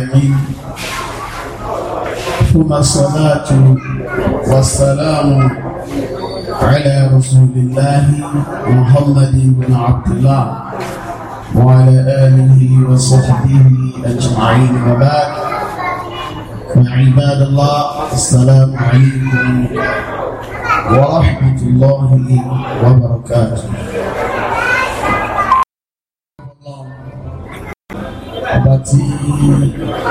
العالمين ثم الصلاة والسلام على رسول الله محمد بن عبد الله وعلى آله وصحبه أجمعين وبعد عباد الله السلام عليكم ورحمة الله وبركاته ọba tí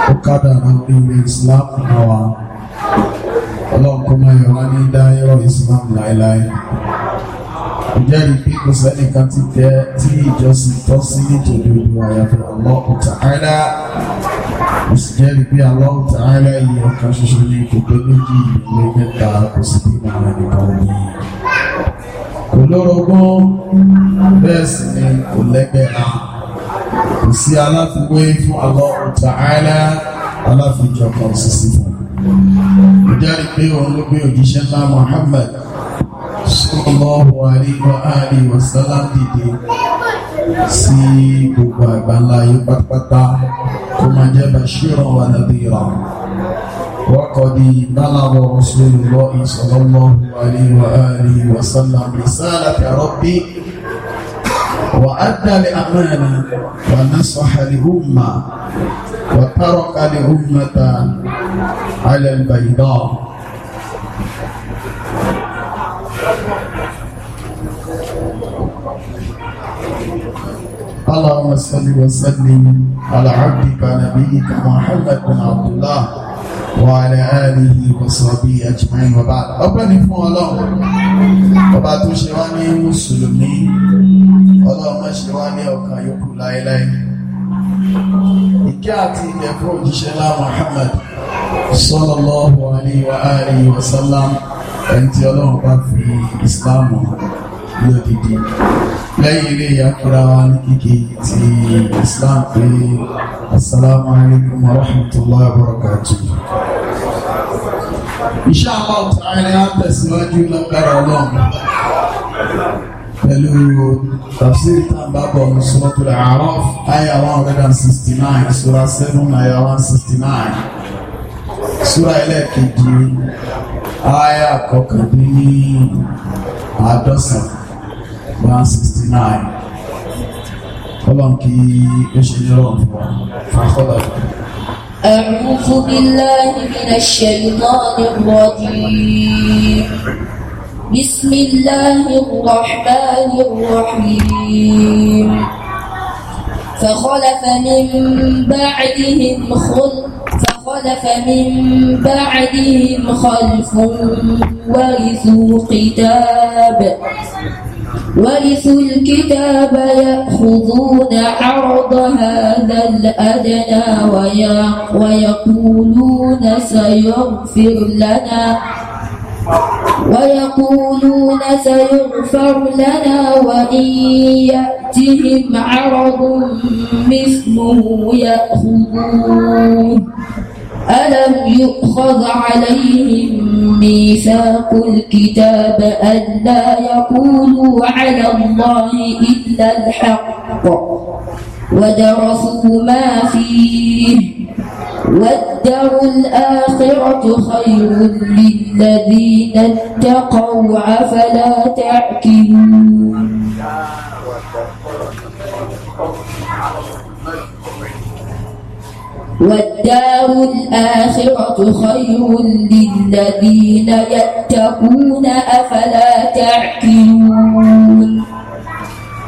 ó kádàrá lórí Islam náà wá ọlọ́run kó máa yọ̀wá ní dáyọ̀ Islam láéláé ìjẹ́rìí pé kò sẹ́nìkan ti tẹ́ tí ìjọsìn tọ́ sí nítòdodo àyàfẹ́ Allahu Ta'ala kò sì jẹ́rìí pé Allahu Ta'ala yìí ọ̀kan ṣoṣo ní kò pé méjì ìlú mẹ́ta kò sì bí màmá nìkan ní. kò lórogún bẹ́ẹ̀ sì ni kò lẹ́gbẹ̀ẹ́ náà kò sí aláfiwé fún Allah Ta'ala aláfijọ́ kan sísí fún un ìjáde pé òun ló gbé òjíṣẹ́ ńlá Muhammad sallallahu alaihi wa alihi wa sallam dìde sí gbogbo àgbáńlá yìí pátápátá kó máa jẹ́ bashiran wa nadira وقد بلغ رسول الله صلى الله عليه وآله وسلم رسالة ربي وأدى الأمانة ونصح لأمة وترك لأمة على البيضاء اللهم صل وسلم على عبدك نبيك محمد بن عبد الله وعلى آله وصحبه أجمعين وبعد أبني فو الله وبعد شواني مسلمين ọlọ́mọ ṣe wá ní ọkàn yòókù láéláé ìkẹ́ àti ilẹ̀ fún òjíṣẹ́ lá Muhammad sallallahu alaihi wa alihi wa sallam ẹni tí ọlọ́run bá fi ìsìláàmù lódìdí lẹ́yìn ilé ìyàkúra wa ní kíkì ti islam pé assalamu alaikum wa rahmatullahi wa barakatuh insha Allah ta'ala tẹ̀síwájú lágbára ọlọ́run pẹ̀lú tafsir tambabọ̀ suratul A'raf aya one hundred and sixty nine sura seven aya one sixty nine sura ẹlẹ́ẹ̀kejì aya kọkàndínní àádọ́sàn one sixty nine ọlọ́run kí ó ṣe ní ọ̀rọ̀ fún wa fàkọ́lá. أعوذ بالله من الشيطان الرجيم بسم الله الرحمن الرحيم فخلف من بعدهم خلف فخلف من بعدهم خلف ورثوا الكتاب ورثوا الكتاب يأخذون عرض هذا الأدنى ويقولون سيغفر لنا ويقولون سيغفر لنا وإن يأتهم عرض مثله يأخذون ألم يؤخذ عليهم ميثاق الكتاب ألا يقولوا على الله إلا الحق ودرسوا ما فيه والدار الآخرة خير للذين اتقوا أفلا تعكمون والدار الآخرة خير للذين يتقون أفلا تعقلون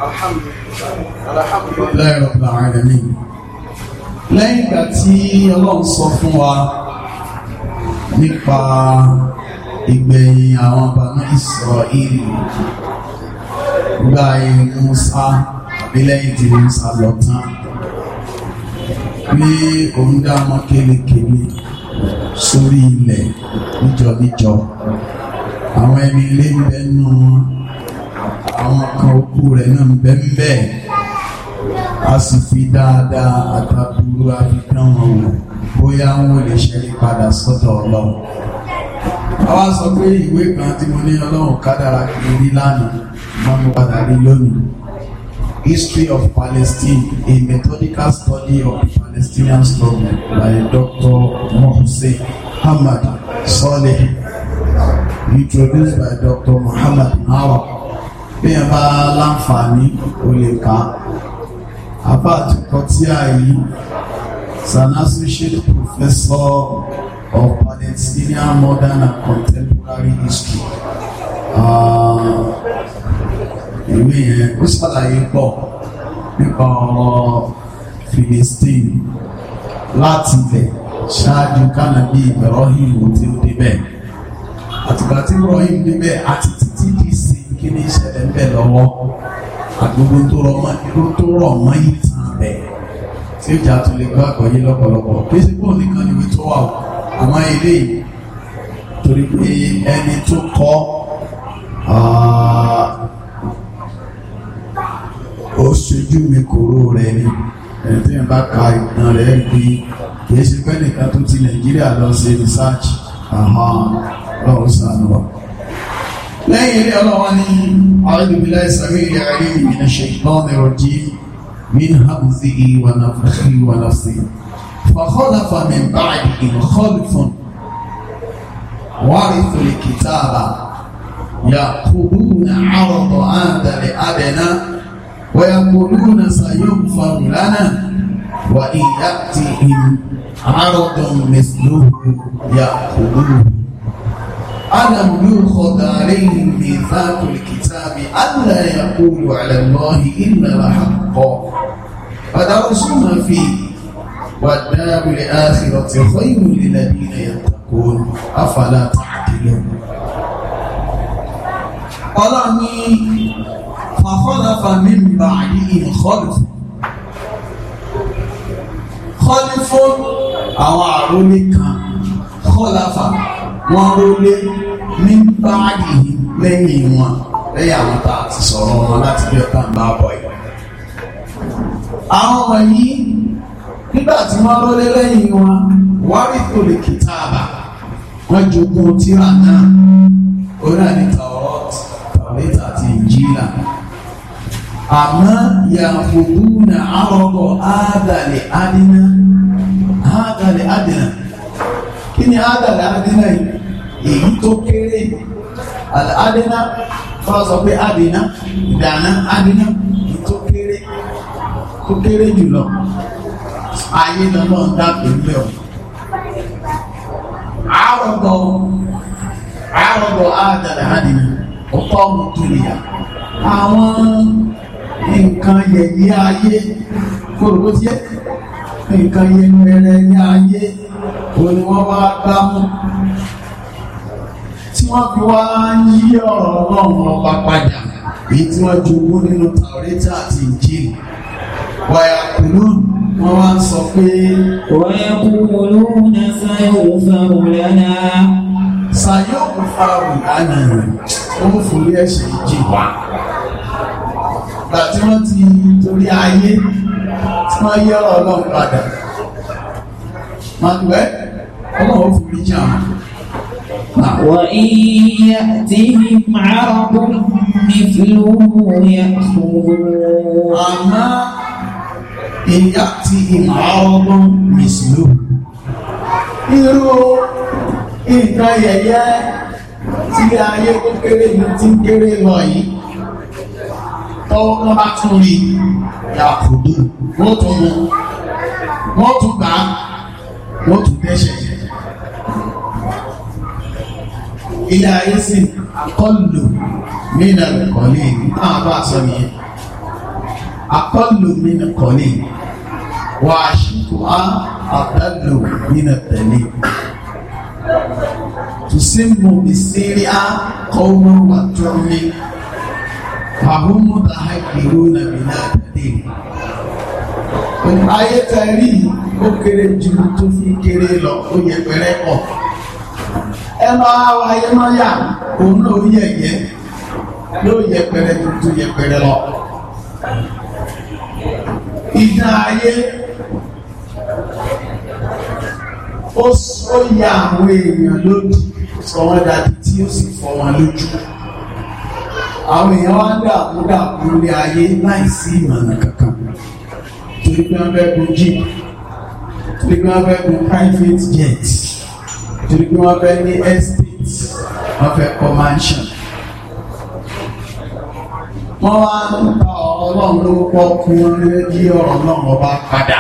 الحمد لله alhamdulilayi rabbil alamin lẹ́yìn ìgbà tí ọlọ́run sọ fún wa nípa ìgbẹ̀yìn àwọn bàbá Ísírẹ́lì gba ẹ̀yìn Musa tàbí lẹ́yìn tí Musa lọ tán pé òun dá ọmọ kéékèèké sórí ilẹ̀ níjọ́níjọ́ àwọn ẹni ilé bẹ́ẹ̀ nù àwọn kan òkú rẹ̀ náà bẹ́ẹ̀ bẹ́ẹ̀ a sì fi dáadáa àtàkùrú àfikún wọn bóyá wọn lè ṣẹ́yìn padà sọ́dọ̀ ọlọ́run. àwa sọ pé ìwé kan tí mo ní ọlọ́run kádàrá kiri ní lánàá máa ń padà rí lónìí. History of Palestine, a methodical study of the Palestinian struggle by Dr. Mohsen Hamad Saleh, introduced by Dr. Muhammad Awa. Bí ẹ bá láǹfààní, o lè kà á. Abat Kotiai is an associate professor of Palestinian modern and contemporary history. Um, ìwé yẹn ó ṣàlàyé pọ̀ nípa ọ̀rọ̀ Philistine láti ilẹ̀ ṣáájú Kánàbí Ibrahim tí ó débẹ̀. Àtìgbà tí Ibrahim débẹ̀ àti títí dì sí kí ní ìṣẹ̀lẹ̀ ń bẹ̀ lọ́wọ́ àgbogbo tó rọ mọ́ tó rọ mọ́ ìtàn rẹ̀ tí ó jà tó lè gbọ́ àgbọ́yé lọ́pọ̀lọpọ̀ kí ṣe bóun nìkan ni wí tó wà o àmọ́ ilé yìí torí pé ẹni tó kọ́ oṣojú mi kòró rẹ̀ ni ẹni tí wọ́n bá ka ìtàn rẹ̀ gbé kì í ṣe pé nìkan tó ti Nàìjíríà lọ ṣe rìsáàjì lọ́wọ́ sànù wa lẹ́yìn ilé ọlọ́wọ́ ní àrẹ́bìbìlá ìsàrí ìyàrí ìrìnà ṣèkán ẹ̀rọ jí min hamzi wa nafahi wa nafsi fakhalafa min ba'dihim khalfun warithu al-kitaba ya'khuduna 'arada 'ada li adna wa yaquluna sayunfaru lana wa in ya'tihim 'aradun mithluhu ya'khudhuhu ألم يؤخذ عليهم ميثاق الكتاب ألا يقولوا على الله إلا الحق فدرسوا ما فيه والدار الآخرة خير للذين يتقون أفلا تعقلون Ọlọ́run ní فخلف من بعدهم خلف خلف àwọn àrólé kan خلف wọ́n ló lé lẹ́yìn wọn lẹ́yìn àwọn tá ti láti bí ọ̀tá ń bá bọ̀ ọmọ yìí nígbà tí wọ́n ló lé lẹ́yìn wọn wárí kò kìtà àbà wọ́n jogún tíra náà orí àdìtà ọ̀rọ̀ tàbílẹ́tà àti ìjìlá na àrọ̀bọ̀ kí ni ádàlá adínà yìí èyí tó kéré yìí adínà fọlá sọ pé adínà ìdáná adínà èyí tó kéré tó kéré jùlọ ayé lọ́nà dábò ńlẹ̀ o. àrògbọ̀ àrògbọ̀ ádàlá adínà ọ̀pọ̀ ọmọ tó lè yà àwọn nǹkan yẹ̀yẹ́ ayé kó ló ti yẹ nǹkan yẹ̀yẹ́ ayé òun ni wọ́n wá dámú tí wọ́n fi wá ń yí ọ̀rọ̀ ọlọ́run ọba padà èyí tí wọ́n jogún nínú tàwọ́rẹ́tà àti ìjìnlẹ̀ wàyà kùnú wọ́n wá ń sọ pé. wàyà kùnú na sáyẹ̀wò fáwọn lẹ́nà. sáyẹ̀wò fáwọn lẹ́nà ó ń forí ẹ̀ṣẹ̀ ìjì wá. gbà tí wọ́n ti torí ayé tí wọ́n yí ọ̀rọ̀ ọlọ́run padà máa ń gbẹ́ ọlọ́run fún mi jà wọ́n yíyá tí màá rọ́bùn ní fìlú yẹ fún àmọ́ ìyá tí màá rọ́bùn ní fìlú irú nǹkan yẹ̀yẹ́ tí ayé tó kéré ní tí kéré lọ yìí tọ́wọ́ kan bá tún rí yàtọ̀ dùn wọ́n tún mú wọ́n tún gbà á wọ́n tún dẹ́ṣẹ̀. ilé ayé sì akọ́lù mínà kọ́lé náà bá a sọ nìyẹn akọ́lù mínà kọ́lé wà á ṣíkò á àtàlù mínà tẹ̀lé. tusimu bisiria kọ́wọ́ wà tó ní. Fàhùn mú ta hàkìrú nàbìlà tẹ̀lé ayé tẹ rí ó kéré ju tó fi kéré lọ ó yẹ pẹrẹ pọ̀ ẹ máa wá ayé máa yà òun náà ó yẹ yẹ ló yẹ pẹrẹ tuntun yẹ pẹrẹ lọ ìdá ayé ó sọ ya àwọn èèyàn lódì sọ wọn dàbí tí ó sì fọ́ wọn lójú àwọn èèyàn wá dààmú dààmú lé ayé láìsí ìmọ̀nà kankan torí pé wọ́n fẹ́ jeep torí pé wọ́n fẹ́ gun private jet torí pé wọ́n fẹ́ ní estate wọ́n fẹ́ kọ́ mansion. wọ́n wá ń ta ọlọ́run ló pọ̀ kún lórí ọ̀rọ̀ náà wọ́n bá padà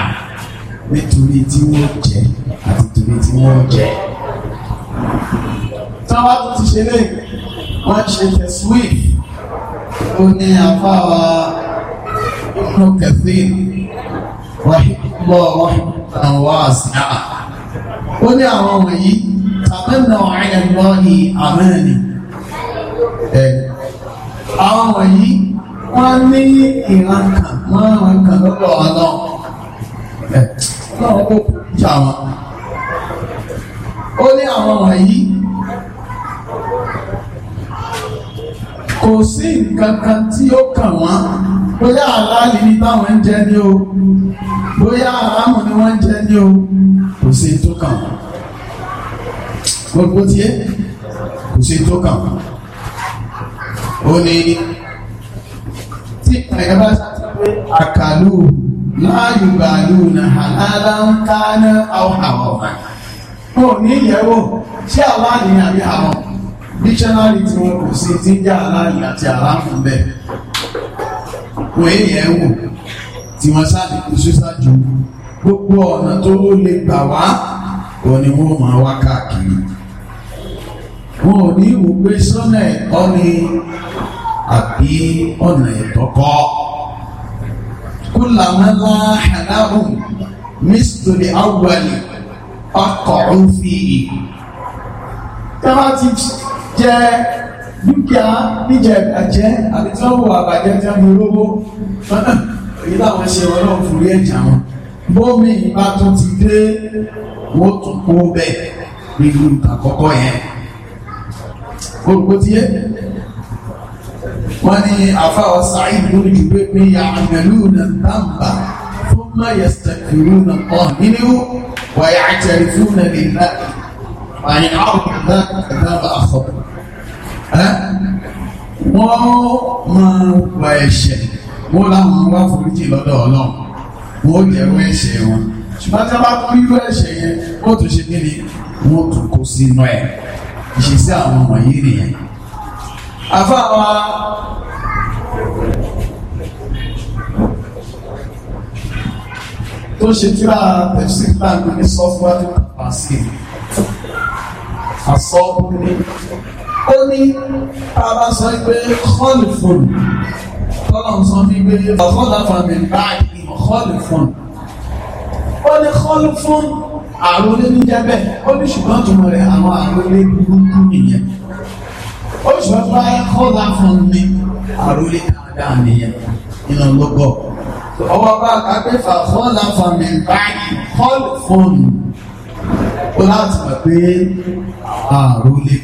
nítorí tí wọ́n jẹ àti torí tí wọ́n jẹ. táwa tó ti ṣe lé wọ́n ṣe tẹ̀síwì ó ní afáwa. ابن كثير رحمه الله رحمه واسعه ولي أرامي تمنوا على الله أماني أرامي wọ́n ní ìran kan márùn-ún kan lọ́dọ̀ ọlọ́run ẹ̀ lọ́wọ́ kó jà wọn ó ní àwọn wọ̀nyí kò sí nǹkan kan tí ó kàn wọ́n bóyá aláàlì ní táwọn ń jẹ ní o bóyá aráàmù ni wọ́n ń jẹ ní o kò sí tó kàn gbogbo tiẹ̀ kò sí tó kàn ó ní tí ẹ̀yẹ́ bá ṣàtúnṣe àkàlù láàyò gbàlù nà hàlálà ń ká ná àwọn ó ní ìyẹ̀wò ṣé aláàlì àbí àwọn dictionary tí wọn kò sí ti ń jẹ́ aláàlì àti àrámù bẹ́ẹ̀ wọn èèyàn wò tí wọ́n sáàdì kú sísàjò gbogbo ọ̀nà tó lè gbà wá wọn ni wọ́n máa wá káàkiri wọn ò ní wò pé sọ́nà ẹ̀kọ́ ni àbí ọ̀nà ìtọ́kọ́ kúlàmọ́lá hàdáhùn mísítòlì áwùwàlì ọkọ̀ òfin tẹ́lá ti jẹ́ dúkìá níjà ìbàjẹ́ àti tí wọ́n wọ àbàjẹ́ tí wọ́n fi rówó èyí láwọn ṣe wọn náà fúrí ẹ̀jà wọn bómi ìbá tó ti dé wọ́n tún kó bẹ́ẹ̀ nínú àkọ́kọ́ yẹn olùkótíyé wọ́n ní àfáà Sa'id lórí ju pé àmẹ́lú na dámbà fún mayẹ̀sẹ̀ ìlú na pọ̀ nínú wàyà àjẹrí fún nàìjíríà wàyà àwọn ìdáàbà àfọ̀bọ̀ wọ́n máa wà ẹ̀ṣẹ̀ wọ́n láwọn wá foríjì lọ́dọ̀ ọlọ́run wọ́n jẹ́wọ́ ẹ̀ṣẹ̀ wọn ṣùgbọ́n tí a bá kún ẹ̀ṣẹ̀ yẹn wọ́n tún ṣe kíni wọ́n tún kó sínú ẹ̀ ìṣesí àwọn wọ̀nyí nìyẹn. àfáàwá tó ṣe tíra pẹ̀sì gbàgbé ní sọ́fúnwá tó pàṣẹ àsọ́kùnrin ó ní bàbá sọ pé kọ́ọ̀lù fòlù tọ́lọ̀ sọ fi gbé ọ̀kọ́lá fàmì báyìí kọ́ọ̀lù fòlù ó ní kọ́ọ̀lù fòlù àrùn olé ní jẹ́bẹ̀ ó ní ṣùgbọ́n túnmọ̀ rẹ̀ àwọn àrùn olé burúkú nìyẹn ó ṣùgbọ́n tó báyìí kọ́ọ̀lá fòlù ní àrùn olé dáadáa nìyẹn iná lọ́gọ̀ ọwọ́ bá agbẹ́fà kọ́ọ̀lá fàmì báyìí kọ́ọ̀lù fòlù ó láti mọ̀ pé àrùn olé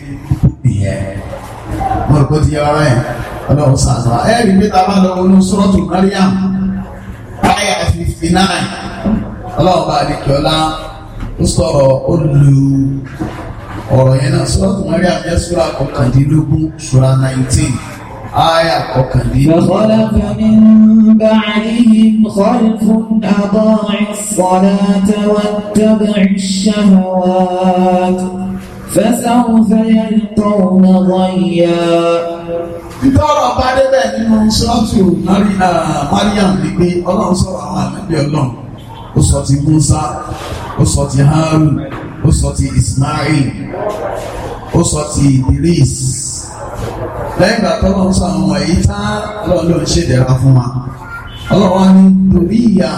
mọ̀ kó ti yára ẹ̀ ọlọ́run sàánú wa ẹ̀rí pé ta bá lọ wọnú sọ́rọ́tù mariam táyà fifty nine ọlọ́run bá adékọ́lá ń sọ̀rọ̀ ó lu ọ̀rọ̀ yẹn náà sọ́rọ́tù mariam jẹ́ sura kọkàndínlógún sura nineteen aya kọkàndínlógún. فخلف من بعدهم خلف أضاعوا الصلاة واتبعوا الشهوات فسوف يلقون غيا ìtọ́rọ̀ bá débẹ̀ nínú ṣọ́ọ̀tù marina mariam ni pé ọlọ́run sọ̀rọ̀ àwọn àmì ọlọ́run ó sọ ti musa ó sọ ti harun ó sọ ti ismail ó sọ ti idris lẹ́yìn ìgbà tọ́lọ́run sọ àwọn èyí tá ọlọ́run ló ń ṣèdẹ̀ra fún wa ọlọ́run wa ní dòríyà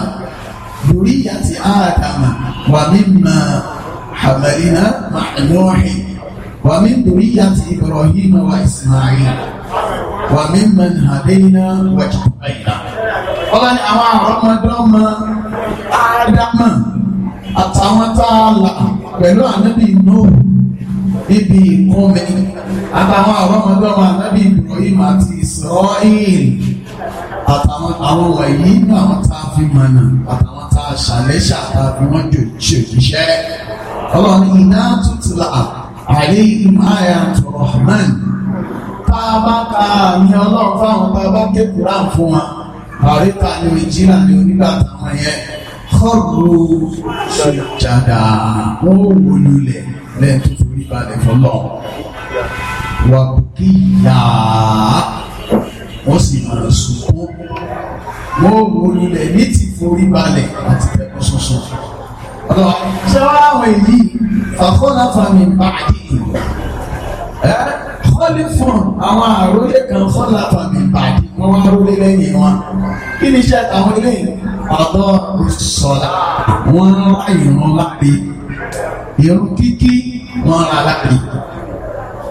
dòríyà ti áàdàmà wà mímọ́ حملنا مع نوح ومن ذرية إبراهيم وإسماعيل وممن هدينا واجتبينا ọlọ́ni àwọn àrọ́mọdọ́mọ ádámà àtàwọn tá a là pẹ̀lú ànábì nóò níbi ìkọ́mi àtàwọn àrọ́mọdọ́mọ ànábì Ibrahim àti Israel àtàwọn àwọn wọ̀nyí ní àwọn tá a fi mọ̀nà àtàwọn tá a ṣàlẹ́ṣà tá a fi wọ́n jò ṣèṣiṣẹ́ ọlọ́ni iná tútù là àyè ìmáyà tọ̀rọ̀hánì tá a bá ka àmì ọlọ́run fáwọn tá a bá ké kúrán fún wa àríta ni ìjìnà ni onígbà táwọn yẹn kọ́ọ̀lù ṣàjàdà wọ́n wò lulẹ̀ lẹ́yìn tó forí balẹ̀ wà kí yàá wọ́n sì máa sunkún wọ́n wò lulẹ̀ ní ti forí balẹ̀ àti tẹ́kọ̀ sọ́sọ́ fún wa ṣé wàá àwọn èyí ọ̀fọ́láfà mi bá yìí ẹ kọ́lí fún àwọn àròlé kan fọ́láfà mi bá yìí wọ́n wá rólé lẹ́yìn wọn kí ni iṣẹ́ àwọn ilé ọ̀dọ́ sọ̀dá wọ́n ń wá ìrún láti irun kíkí wọ́n ra láti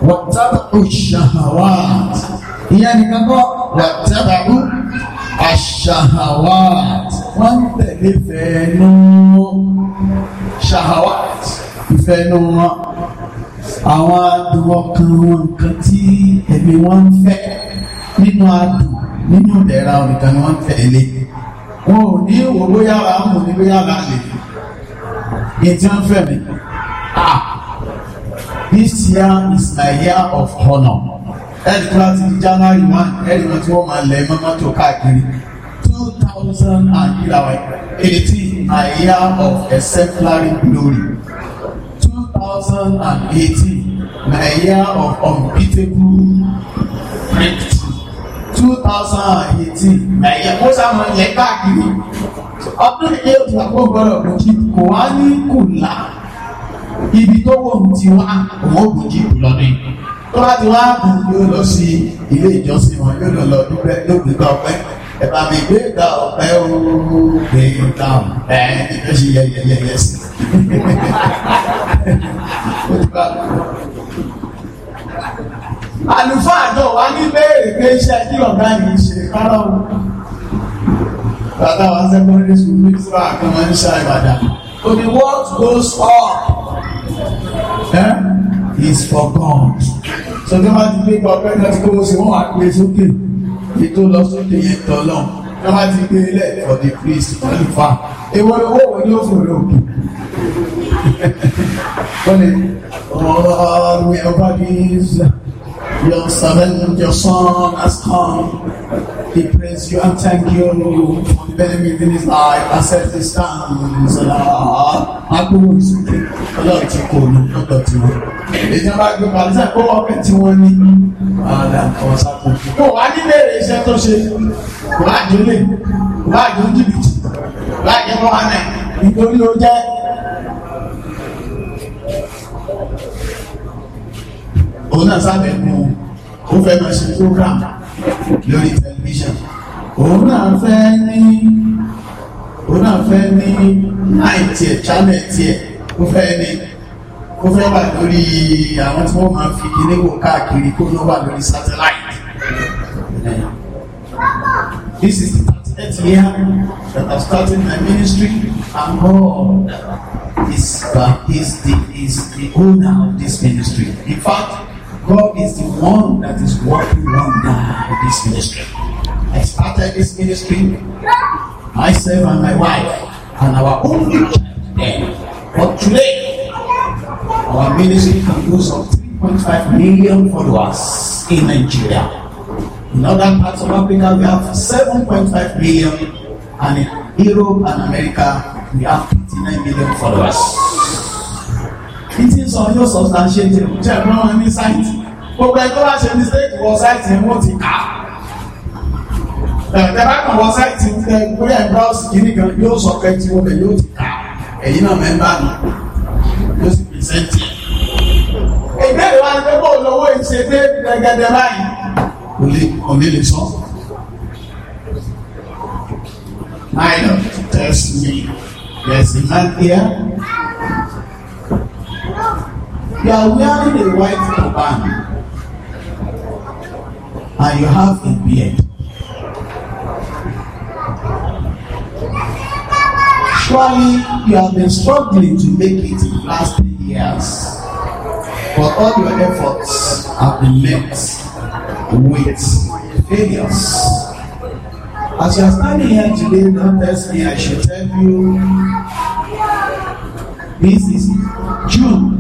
wọ́n tábà ìyá nìkan kọ́ wọ́n tábà wọ́n tẹ̀lé fẹ́ẹ́ náà ìfẹ́nu wọn àwọn adùn ọkàn wọn nǹkan tí ẹ̀mí wọn ń fẹ́ nínú adùn nínú ìdẹ̀ra nìkan ni tẹ̀lé wọn ò ní ìwò bóyá wà á mú ní bóyá wà á lè ní tí wọ́n fẹ́ mi ah this year is my year of honour ẹ̀rí kíláàsì ní January one ẹ̀rí wọn tí wọ́n máa lẹ̀ mọ́tò káàkiri two thousand and eighteen my year of exemplary glory. 2018, my year of unbeatable breakthrough. 2018, my year, of sáà mọ ilẹ̀ káàkiri. Ọdún yìí ó ti wà kó gbọ́dọ̀ kò jí kò wá ní kùlà. Ibi tó wò ó ti wá, òun ó kò jí kùlọ̀ ní. Tó bá ti wá kù yóò lọ sí ilé ìjọsìn wọn, yóò lọ lọ dúpẹ́ lóògbé gbà ọpẹ́ ẹ̀bà mi gbé ìgbà ọ̀pẹ́ ooo gbé ìgbà ọ̀pẹ́ ìgbà ṣe yẹyẹyẹyẹ sí àlùfáà àjọ wa ní béèrè pé iṣẹ́ kí ọ̀gá yìí ṣe kárá o bàtà wa sẹ́kọ́ndé sùn ní ìfúra kan máa ń ṣá Ìbàdàn o ní what goes up eh? is for God so tí wọ́n ti gbé ọ̀pẹ́ náà tí kò wọ́n ṣe wọ́n á gbé sókè fi tó lọ sókè yẹn tọ́lọ́ lọ́wọ́ ti gbé ilẹ̀ e for the priest alifa ewé owó wo ni ó fòrò òkè wọ́n ni ọ̀rọ̀ ẹ̀rọ bá bí yọ sàbẹ̀ yọ sàn askan. He praise you and thank you for the benefit in his life ah, as it is stands. you, ìsúkè ọlọ́run ti kò ní lọ́dọ̀ tí wọ́n. Ìjọba gbé Pàlísà kó ọ̀pẹ one. wọ́n ní. Ààrẹ àwọn sáfù. Kò wá nílé iṣẹ́ tó ṣe. Kò wá jólè. Kò wá jó jìbìtì. Kò wá jẹ́ wọn àná. Nítorí ó jẹ́. Òun náà sábẹ̀ mú un. Ó fẹ́ máa ṣe program lórí tẹlifíṣàn òun náà fẹ́ ní òun náà fẹ́ ní náì tiẹ̀ channel tiẹ̀ ó fẹ́ ní ó fẹ́ wà lórí àwọn tí wọ́n máa fi kíní wò káàkiri kó ló wà lórí satellite. This is the thirtieth year that I started my ministry and God is, uh, is, the, is the owner of this ministry. In fact, God is the one that is working wonder in this ministry. I started this ministry, myself and my wife, and our only child then. But today, our ministry can go some 3.5 million followers in Nigeria. In other parts of Africa, we have 7.5 million, and in Europe and America, we have 29 million followers ìtì sọ yóò substantiate jẹ́ ẹ̀gbọ́n wọn ní sáìtì gbogbo ẹgbẹ́ wá ṣe mistake wọ sáìtì ẹ̀ ti kà á ẹ̀ẹ́dẹ́ bá kàn wọ sáìtì ẹ̀ gbé ẹ̀ browse kìíní kan yóò sọ pé tí wọ́n bẹ̀ yóò ti kà á ẹ̀yìn náà mẹ́mbà nù yóò sì pèsèntì ẹ̀. ìbéèrè wa ni pé bó lówó ìṣe dé gẹ́gẹ́dẹ́ báyìí kò lè kò lè lè sọ. I don't test me. There's a man here. You are wearing a white turban and you have a beard. Surely you have been struggling to make it in the last three years, but all your efforts have been met with failures. As you are standing here today, don't test me, I should tell you this is June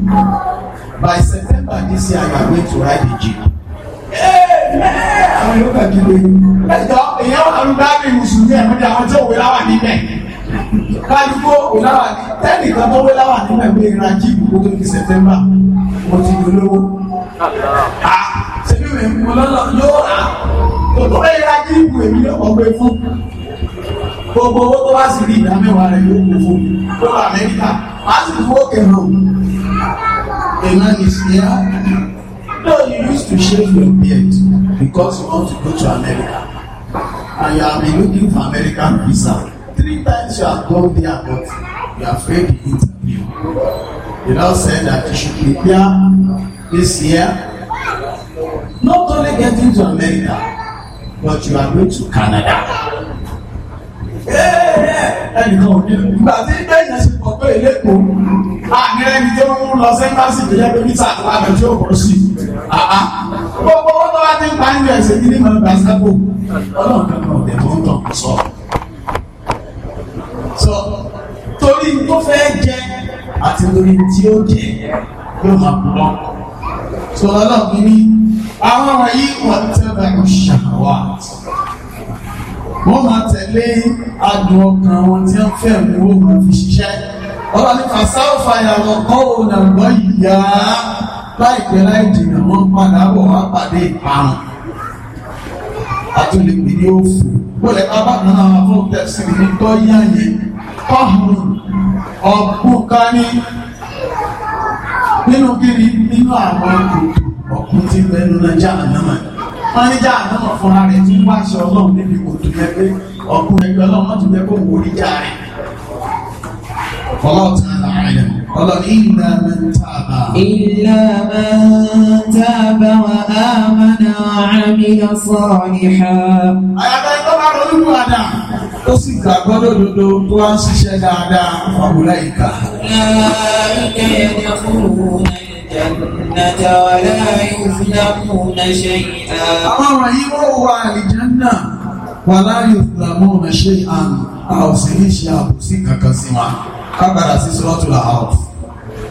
by September this year you are going to ride the jeep. àwọn yóò kàkí lé ẹjọ́ ìyẹn àrùndáàbì mùsùlùmí ẹ̀ lóde àwọn tí ò wé láwà níbẹ̀ kálífò wé láwà tẹ́nìkan tó wé láwà níbẹ̀ pé ìran jíìpù kó tó di September mo ti dolówó. Ah, ṣebí mi mo lọ́lọ́ yóò rà tó tó bẹ́ẹ̀ ìran jíìpù èmi ló kọ́ pé fún gbogbo owó tó bá sì rí ìdá mẹ́wàá rẹ̀ yóò kó fún mi lọ́wọ́ Amẹ́ríkà má sì fún òkè hàn a man is here. No, you used to shave your beard because you want to go to America. And you have been looking for American visa. Three times you have gone there, but you are afraid to interview. The now said that you should be here this year. Not only getting to America, but you are going to Canada ẹnìkan ò ní ìgbà tí bẹ́ẹ̀ni ẹ̀sìn pọ̀ pé ìlẹ́kọ̀ọ́ àní ẹni tó ń lọ sẹ́ńtàsì tó yẹ pé mítà tó tí ó bọ̀ sí gbogbo owó tó wá ní pa ń bẹ̀rẹ̀ sí ní mọ̀ sábò ọlọ́run náà ọ̀dẹ̀ tó ń tàn sọ. sọ torí tó fẹ́ jẹ àti torí tí ó jẹ yóò máa bù lọ. sọ ọlọ́run ní àwọn ọ̀rọ̀ yìí wọ́n tẹ́ wọ́n máa tẹ̀lé adùn ọkàn wọn tí wọ́n fẹ́ ní wọ́n máa fi ṣiṣẹ́ ọlọ́run ní fàṣáfà ìyàwó kọ́ òun àgbọ̀ ìyá láìpẹ́ láì jìnnà wọ́n padà bọ̀ wá pàdé ìparun àtúndì pé ní òfò wọlé abáàmì náà wà fún tẹ̀sí ní tọ́ kọ́hùn ọ̀gbun nínú kiri nínú àwọn ọkùnrin tí bẹ́ẹ̀ nínú ajá àná màá mọ́níjà náà fúnra rẹ̀ tí ń wá aṣọ ọlọ́run níbi kò tún yẹ pé ọkùnrin ẹgbẹ́ ọlọ́run mọ́tò yẹ kó wò ó rẹ̀ ọlọ́run tí wọ́n ọlọ́run ìlà mẹ́ntàbà. ìlà mẹ́ntàbà wà á mọ́nà àmìlà sọ́ọ̀nìhà. àyàbẹ̀ tó bá ronú padà ó sì gbàgbọ́ lódodo tó wá ń ṣiṣẹ́ dáadáa fàbùlà ìkà. ìlà ìkẹyẹ الجنة ولا يظلمون شيئا àwọn wọ̀nyí wọ́n wọ àlìjánà wàlá yuzlamuna shay'an a ò sì ní ṣe àbòsí kankan sí wa ká padà sí suratul A'raf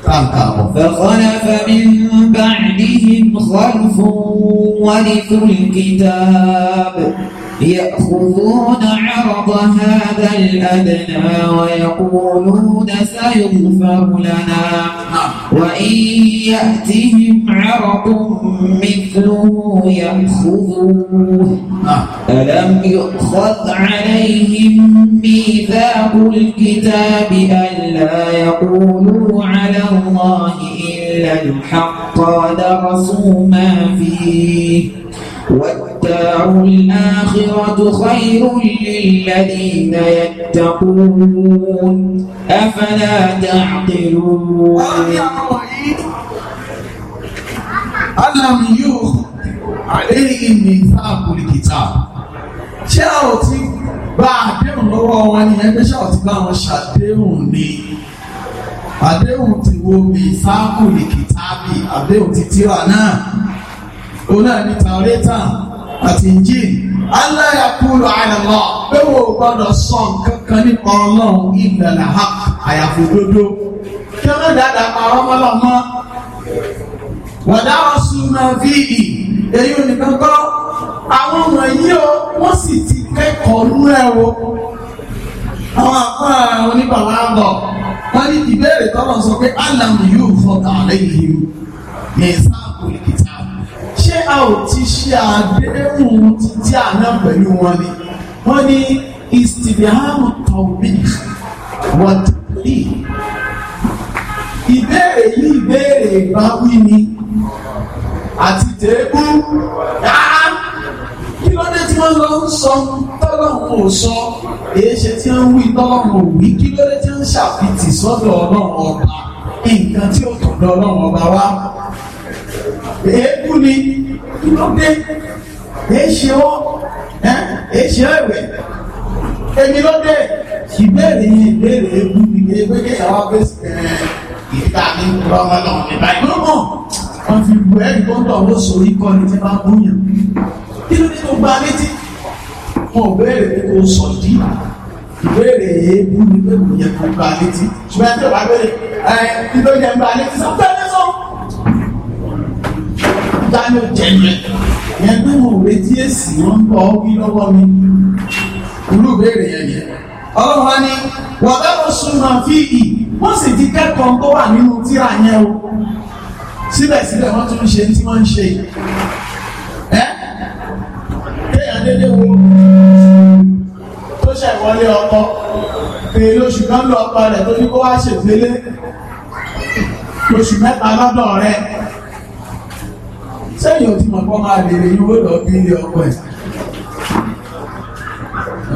táǹkà ọ̀. فخلف من بعدهم خلف ورثوا الكتاب. يأخذون عرض هذا الأدنى ويقولون سيغفر لنا وإن يأتهم عرض مثله يأخذوه ألم يؤخذ عليهم ميثاق الكتاب ألا يقولوا على الله إلا الحق ودرسوا ما فيه الدار الآخرة خير للذين يتقون أفلا تعقلون ألم يوخ عليهم ميثاق الكتاب شاوتي bá àdéhùn lọ́wọ́ wọn ni ẹgbẹ́ ṣàwọ̀tí bá wọn ṣàdéhùn ni àdéhùn ti wo mi sáàkù ní kìtàbí àdéhùn ti tíra náà òun náà ní tàórẹ́tà àti injil aláyàkúrò àyànlọ pé wò gbọ́dọ̀ sọ nǹkan kan nípa ọlọ́run ìlànà ha àyàfò dodo kí ọlọ́run dáadáa pa ọmọ ọlọ́mọ wọ̀dá ọ̀sùn náà fi ì èyí ò nìkan kọ́ àwọn ọmọ yìí o wọ́n sì ti kẹ́kọ̀ọ́ rú ẹ̀ o àwọn àpá oníbàbá ń bọ̀ wọ́n ní ìbéèrè tọ́lọ̀ sọ pé alam yóò fọ́ta lẹ́yìn ní ìsáàpù ìkìtà a ò ti ṣe àdéhùn títí àná pẹ̀lú wọn ni wọ́n ní ìsìnbíhàmù tọ̀wí wọ̀tọ̀lì ìbéèrè yìí ìbéèrè ìbáwí ni àti tèébú yáá kí ló dé tí wọ́n lọ ń sọ tọ́lọ́hún ò sọ èyí ṣe tí wọ́n ń wí tọ́lọ́hún ò wí kí ló dé tí wọ́n ṣàfitì sọ́dọ̀ ọlọ́run ọba nǹkan tí ó tọ̀dọ̀ ọlọ́run ọba wá èébú ni kí ló dé èéṣe ọ èéṣe ẹwẹ èmi ló dé ìbéèrè yẹn ìbéèrè ewu ni pé pé kí ẹwà pé ìta ní ọmọ náà ní báyìí ló mọ wọn fi bu ẹni tó ń tọ̀ ló sọ ikọ́ ni tí bá gbóyàn kí ló dé tó gba létí wọn ò béèrè pé kó sọ dí ìbéèrè ewu ni pé kò yẹ kó gba létí ṣùgbọ́n tí ò bá béèrè ẹ kí ló yẹ gba létí sọ fẹ́ẹ́ sọ dáná jẹ̀yẹ yẹn pé mo retí èsì wọn bọ̀ ọ́ wí lọ́wọ́ mi irú ìbéèrè yẹn yẹn ọlọ́wọ́ ni wọ́n dáwọ́ súnmọ́ fíìgì wọ́n sì ti kẹ́kọ̀ọ́ tó wà nínú tíra yẹn o síbẹ̀síbẹ̀ wọ́n tún ṣe tí wọ́n ń ṣe ẹ́ kéèyàn dédé wo tó ṣe ìwọlé ọkọ èyí lóṣù kan lọ ọkọ rẹ̀ tó ní kó wá ṣègbélé lóṣù mẹ́ta lọ́dọ̀ rẹ̀ sẹ́yìn òtí mọ̀ kọ́ máa bèèrè yíwó lọ bí ilé ọkọ ẹ̀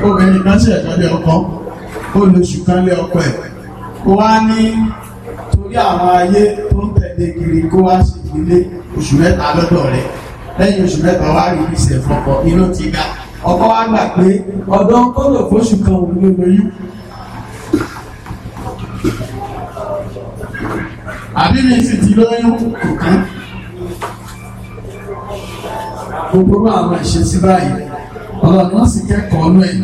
obìnrin kan sì ẹ̀jọ́ lé ọkọ ó lóṣù kan lé ọkọ ẹ̀ kó wá ní torí àwọn ayé tó ń tẹ̀lé kiri kó wá sí ìdílé oṣù mẹ́ta lọ́dọ̀ rẹ̀ lẹ́yìn oṣù mẹ́ta wá rí ìṣẹ̀ fọkọ inú ti ga ọkọ wa gbà pé ọ̀dọ́ tó lò fóṣù kan òun ló lóyún àbí mi sì ti lóyún kò kán gbogbo àwọn ìṣesí báyìí ọlọ́run wọ́n sì kẹ́kọ̀ọ́ lọ́ ẹ̀.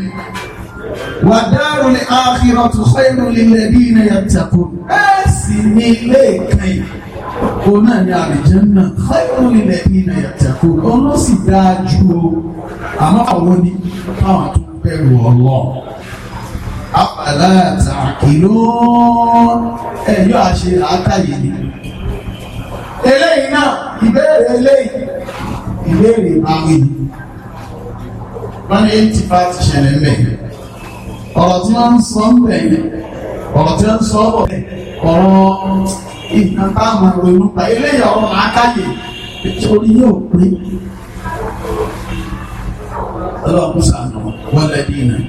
wà dáàrú ní àfihàn tó fẹ́ inú lílẹ̀ bí iná yà tẹ̀kọ́ bẹ́ẹ̀ sì ní ilé ìkẹyìn òun náà ní àlùjánnà fẹ́ inú lílẹ̀ bí iná yà tẹ̀kọ́ òun ló sì dáa ju o àmọ́ àwọn ní àwọn tó bẹ̀rù ọlọ́ àpàlàtà kìló ẹ̀yọ́ àṣẹ àtàyè ni eléyìí náà ìbéèrè eléyìí ìbéèrè ìbámu yìí wọ́n ní eighty five ti ṣẹlẹ̀ ń bẹ̀ ọ̀rọ̀ tí wọ́n ń sọ ń bẹ̀ ọ̀rọ̀ tí wọ́n ń sọ bọ̀ ọ̀rọ̀ nǹkan táwọn ronú pa eléyìí ọ̀rọ̀ làákàyè nítorí yóò pé ọlọ́run sànù wọ́n lẹ́bí náà.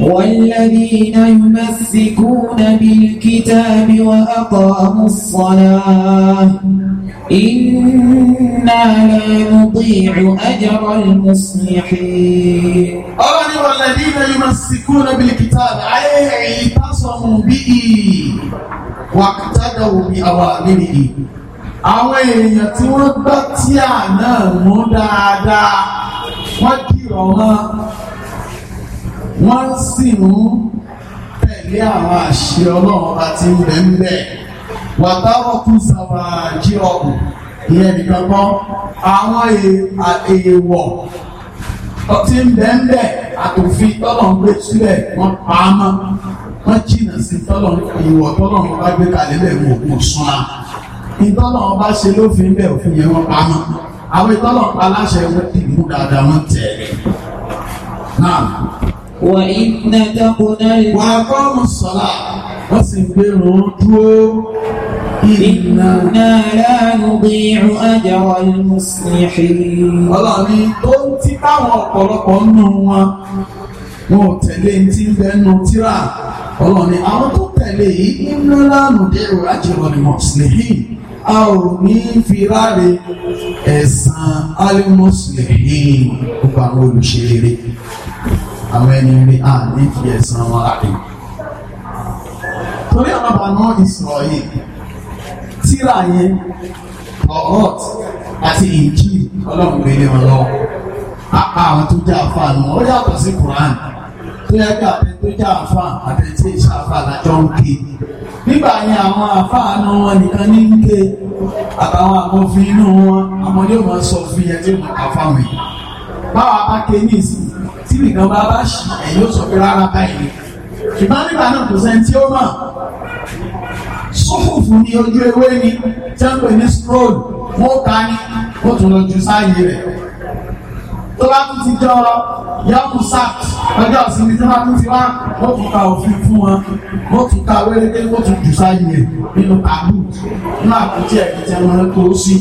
والذين يمسكون بالكتاب وأقاموا الصلاة إنا لا نضيع أجر المصلحين أولي والذين يمسكون بالكتاب أي اعتصموا به واقتدوا بأوامره أوين يتوبت يا wọ́n gbọ́ wọ́n sì ń tẹ̀lé àwọn àṣẹ ọlọ́run bá ti ń bẹ̀ ń bẹ̀ wàtáwọ̀ tún sábà jí ọkùn ìyẹn nìkan kan àwọn èèwọ̀ tí ń bẹ̀ ń bẹ̀ àtòfin tọ́lọ̀ ń gbé sílẹ̀ wọ́n pa á mọ́ wọ́n jìnnà sí tọ́lọ̀ ìwọ̀ tọ́lọ̀ ń bá gbé kalẹ̀ lẹ̀ wọ̀ kò súnra ìtọ́lọ̀ ọba ṣe lófin bẹ̀ òfin yẹn wọ́n pa á mọ́ àwọn ìtọ́lọ̀ pa aláṣẹ wọ́n ti mú dáadáa wọ́n tẹ̀lé náà wà ìdínà dákun náà. wà á kọ́ mùsọ̀lá wọ́n sì ń gbé wọn dúró. ìdínà láàánú bíyànjú àjàwà mùsùlùmí. ọlọ́ni tó ń ti táwọn ọ̀pọ̀lọpọ̀ nù wọn wọn ò tẹ̀lé ti ń bẹnu tíra ọlọ́ni àwọn tó tẹ̀lé yìí ń lọ́lànà dé ìwájúwọ̀n ní mùsùlùmí a ò ní fi ráre ẹ̀sán alimusulmi gbogbo àwọn olùṣèré àwọn ẹni rí à ní fi ẹ̀sán wọn láre. torí àwọn àbànú ìsọ̀rọ̀ yìí tíra yẹn ọ̀rọ̀t àti ìjì ọlọ́run gbélé wọn lọ́wọ́ apá àwọn tó jẹ́ àfa àná ó yàtọ̀ sí Quran tó yẹ kí àtẹ tó jẹ́ àfa àtẹ tí ìṣe àfa làjọ ń ké nígbà yẹn àwọn àfa àná wọn nìkan ní ń ké àtàwọn àmọ́fin inú wọn àmọ́ yóò máa sọ fún yẹn tí ó máa báwa bá ké ní ìsìn tí nìkan bá bá ṣì ẹ̀yìn ó sọ pé rárá báyìí ni ṣùgbọ́n nígbà náà kò sẹ́ni tí ó mọ̀ sófòfò ní ojú ewé ni tẹ́ǹpẹ̀ ní scroll wọ́n ta ni ó tún lọ ju sáàyè rẹ̀ tó bá tún ti jọ yọkùn sáà ọjọ́ ìsinmi tó bá tún ti wá ó tún ka òfin fún wọn ó tún ka wéréké ó tún jù sáàyè rẹ̀ nínú àbú nínú àkútí ẹ̀kí tẹ́ wọn kó sí.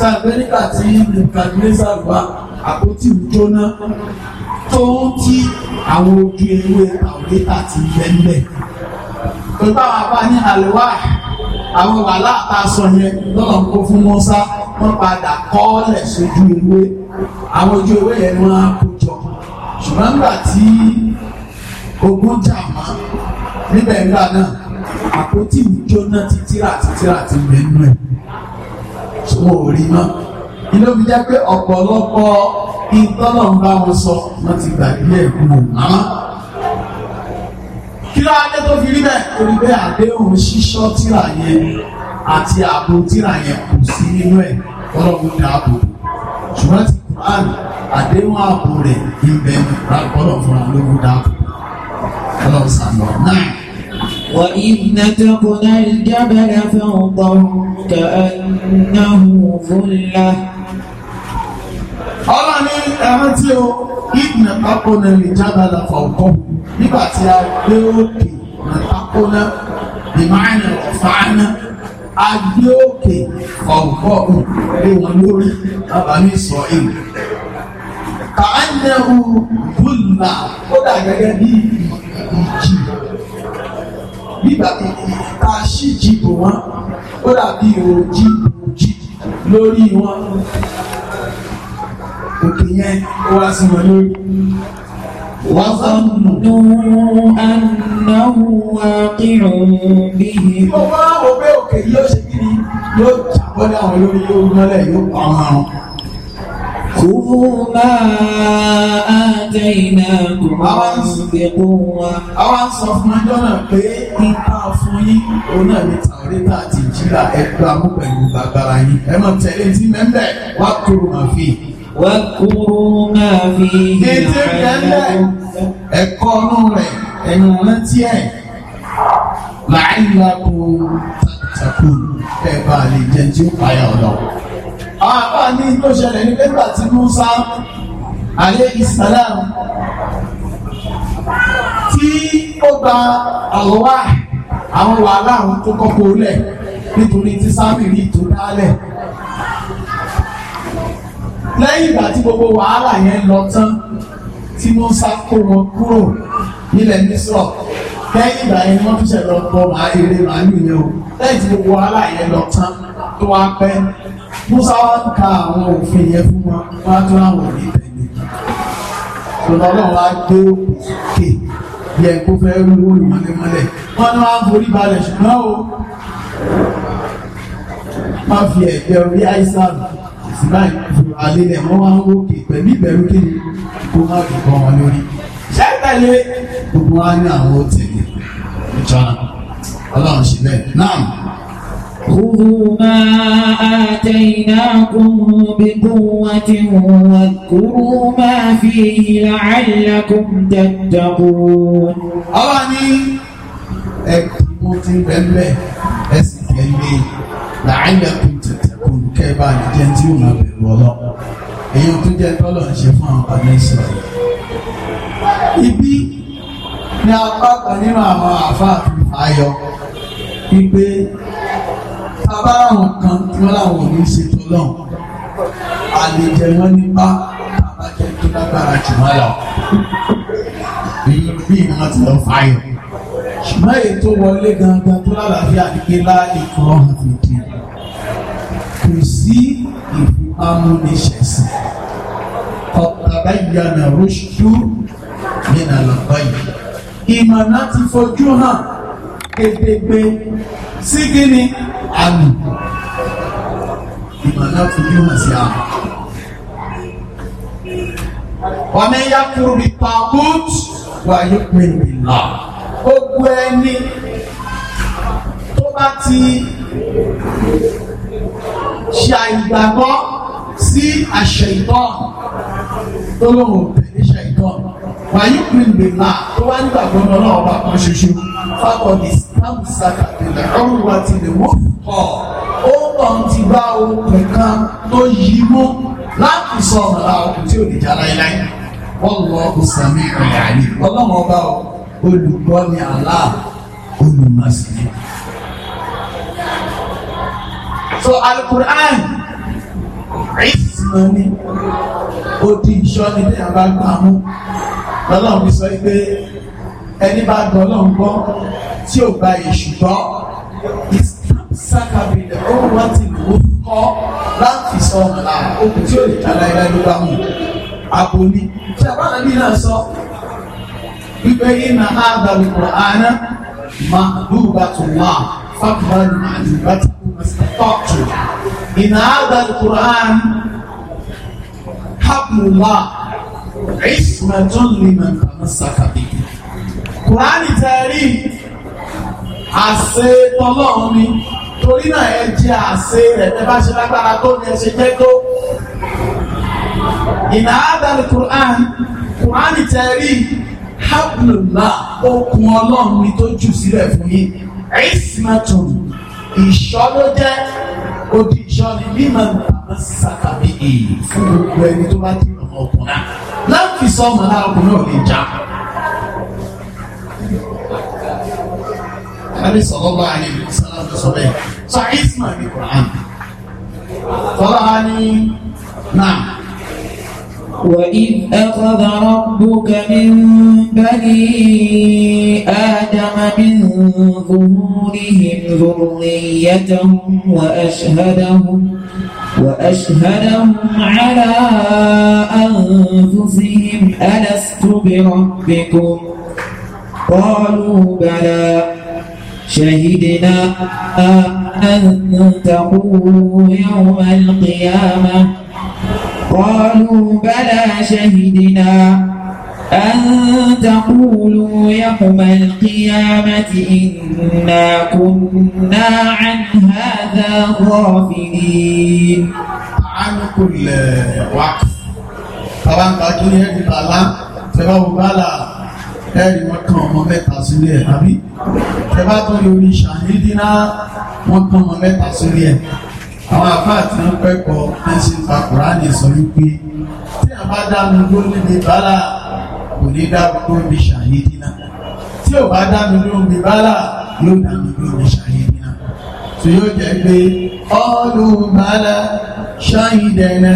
tàbí nígbà tí nìkan ní àpótí jóná tó ń tí àwọn ojú ewé àwòrán àti ìfẹ́ńbẹ̀. pẹ̀lú àwọn apá ní àlewà àwọn wàhálà àtàsọ yẹn lọ́nà kó fún mọ́sá wọ́n padà kọ́ọ̀lẹ̀ sójú ewé àwọn ojú ewé yẹn wọ́n á kó jọ ṣùgbọ́n nígbà tí ogun jà mọ́ níbẹ̀ ńlá náà àpótí jóná títíra títíra ti bẹ́ẹ̀ nù ẹ̀ ṣùgbọ́n náà inú fi jẹ́ pé ọ̀pọ̀lọpọ̀ ìtọ́nà ń bá wọn sọ wọ́n ti gbàgbé ẹ̀kú àmọ́ kí ló adé tó fi rí bẹ́ẹ̀ torí pé àdéhùn ṣíṣọ́ tíra yẹn àti ààbò tíra yẹn kù sí nínú ẹ̀ ọlọ́run dáàbò ṣùgbọ́n ti Quran àdéhùn ààbò rẹ̀ ń bẹ ọlọ́run fúnra lógún dáàbò ọlọ́run sàmọ̀ náà. وإذ نتقنا الجبل فوقهم كأنه ظلة ọlọ́run ní ẹran tí ó ìdìnnà pápónà ìjábàlá fọ̀ọ̀kọ́ nígbà tí a gbé òkè nà pápónà wọn lórí àbámi sọ èyí. kàánẹ́hù bùnà ó dà gẹ́gẹ́ bí ìjì nígbà tá a ṣì jìbò wọn ó dàbí òjì òjì lórí wọn òkè yẹn ó wá sí wọn lórí. وظنوا أنه واقع بهم ó wá wò pé òkè yìí ó ṣe kí ni yóò jábọ́ lé àwọn lórí yóò mọ́lẹ̀ yóò pa wọn. خذوا ما آتيناكم وانفقوا àwọn àǹsọ̀fún ẹjọ́ náà pé nípa fún yín òun náà ní tàwọ́rẹ́tà àti ìjìlá ẹgbẹ́ amúgbẹ̀yìn bàbára yín ẹ máa tẹ̀lé tí mẹ́mbẹ́ wá kúrò máa fi. wá kúrò máa fi. ètè mẹ́mbẹ́ àpá ní tó ṣẹlẹ̀ ní pẹ́pà tí Musa alẹ́ islam tí ó gba àlọ́wà àwọn wàhálà àwọn tó kọ́kọ́ lẹ̀ nítorí tí sámìrì tó dálẹ̀ lẹ́yìn ìgbà tí gbogbo wàhálà yẹn lọ tán tí Musa kó wọn kúrò nílẹ̀ Mísírọ̀ lẹ́yìn ìgbà yẹn wọ́n fi ṣẹ̀lọ́ bọ̀ máa eré màálù yẹn o lẹ́yìn tí gbogbo wàhálà yẹn lọ tán tó wá pẹ́ Musa wá ń ka àwọn òfin yẹn fún wa wá tó àwọn òní tẹ̀lé ṣùgbọ́n náà wá gbé òkè yẹ kó fẹ́ rú òrùn mọ́lẹ́mọ́lẹ̀ wọ́n ní wá ń forí balẹ̀ ṣùgbọ́n o má fi ẹ̀gbẹ́ orí àìsàn ìsìnlá ìfòrò àlélẹ̀ wọ́n wá ń wókè pẹ̀lú ìbẹ̀rù kí ni kó má fi bọ́ wọn lórí ṣé tẹ̀lé gbogbo wa ní àwọn òtẹ̀lé ìjọba ọlọ́run ṣe bẹ́ẹ̀ náà. خذوا ما آتيناكم بقوة واذكروا ما فيه لعلكم تتقون أراني ẹkùnkùn bẹ́ẹ̀ ẹsìn kẹ́lẹ́ làálẹ̀kùn tẹ̀tẹ̀kùn kẹ́bà ní jẹ́ tí ó máa bẹ̀rù ọlọ́ èyí tó jẹ́ tọ́lọ̀ ń ṣe fún àwọn ọ̀nà ìṣòro ibi ni apá kan nínú àwọn àfáà fi fàáyọ wípé tábà àwọn kan tí wọ́n làwọn ò ní ṣètò lọ́hùn àlejò wọn nípa bàbá jẹ́ tó lágbára jù wọ́n lọ. bí ìmọ̀ ti lọ fàáyọ̀. ṣùgbọ́n ètò wọlé gangan tó lálàáfíà ni láàyè kan hàn fìdí. kò sí ìfipámúniṣẹ̀sìn. ọ̀tàbá ìyànà rúṣú nínú àlọ́gbọ́yìn. ìmọ̀ náà ti fojú hàn kedegbe sí kíni àmì ìmọ̀lá tó ní wọ́n sí àmì. wọ́n ní yakuru bí tagut wà yóò pè mí lọ. gbogbo ẹni tó bá ti ṣe àìgbàgbọ́ sí àṣẹ ìtọ́ tó lóun tẹ̀lé ṣe ìtọ́ wàyí kìrìbì là tó wá nígbà gbọdọ náà ọba kan ṣoṣo fákọọdì sáàmù sàkàtìlẹ ọrùn wa ti lè wọ ọ ó kàn ti bá okùn kan tó yí mú láti sọ ọ̀nà la okùn tí ò lè já láéláé wọ́n lọ ọ̀sàmì ìrìn àyè ọlọ́run ọba olùgbọ́ ni àlá olùmọ̀sílẹ̀. so alukur'an ìsìnmọ́ ni ó di ìṣọ́ni tí a bá gbà mú lọ́lọ́run fi sọ pé ẹni bá gbọ́ lọ́n gbọ́ tí ò gba èṣù gbọ́ sákàbìlẹ̀ ó wá ti lò ó kọ́ láti sọ ọ̀la okùn tí ò lè jà láìláì ló bá mú àbò ni tí a bá rẹ̀ bí náà sọ wípé yìí na á gbàgbé kọ̀ àná máa lùgbà tó wà fákùnrin máa lùgbà tó wà tọ́tù ìnà á gbàgbé kọ̀ àná ìsìmẹ̀tún lèmẹ̀ kàná sàkàbí. Kùránì tẹ́rí àṣẹ tọ́lọ́run ni torí náà ẹ jẹ́ àṣẹ rẹ̀ ẹ bá ṣe lágbára tó ní ẹ ṣe jẹ́ tó. Ìnà àdàlù Kùránì Kùránì tẹ́rí hábùlùlá okùn ọlọ́run ni tó jù sílẹ̀ fún yín. Ìsìmẹ̀tún ìṣọ́ ló jẹ́ ni mímọ̀ kàná sàkàbí fún gbogbo ẹni tó bá dì ọmọ ọkùnrin náà. لم في صوم أنا ربنا النبي صلى الله عليه وسلم قال صحيح اسمع القرآن قرآني نعم وإذ أخذ ربك من بني آدم من ظهورهم ذريتهم وأشهدهم وأشهدهم على أنفسهم ألست بربكم قالوا بلى شهدنا أن تقولوا يوم القيامة قالوا بلى شهدنا أن تقولوا يوم القيامة إنا كنا عن هذا غافلين عن كل وقت طبعا تأتوني هذه الآلام سبب بالا ẹ̀rí wọn kan ọmọ mẹ́ta sílé ẹ̀ àbí ẹ bá tó yọ ní ṣàhídínà wọn kan ọmọ mẹ́ta sílé ẹ̀ àwọn àfáà tí wọ́n kẹ́kọ̀ọ́ ẹ̀sìn ìfàkùrá ní sọ tí a bá dá mi ló níbi bàálà kò ní dárúkọ mi ṣàyẹ̀dí náà tí ò bá dá mi lóhùn mi bálà yóò dá mi lóhùn mi ṣàyẹ̀dí náà tí yóò jẹ́ pé ọlù bálà ṣáìdẹ̀nà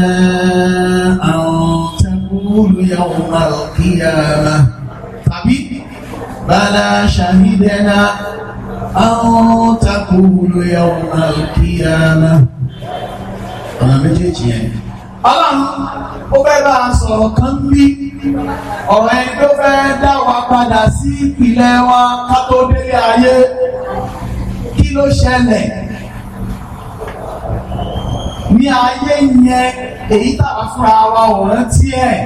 àwọn tẹkùlù yàwó máa kí ara tàbí bálà ṣáìdẹ̀nà àwọn tẹkùlù yàwó máa kí ara ọ̀nà méjèèjì yẹn. ọlọ́run ó fẹ́ bá a sọ̀rọ̀ kan bí ọ̀rọ̀ tó fẹ́ dá wa padà sí ìpìlẹ̀ wa ká tó délé ayé kí ló ṣẹlẹ̀ ní ayé yẹn èyí tàbá fúnra wa ò rántí ẹ̀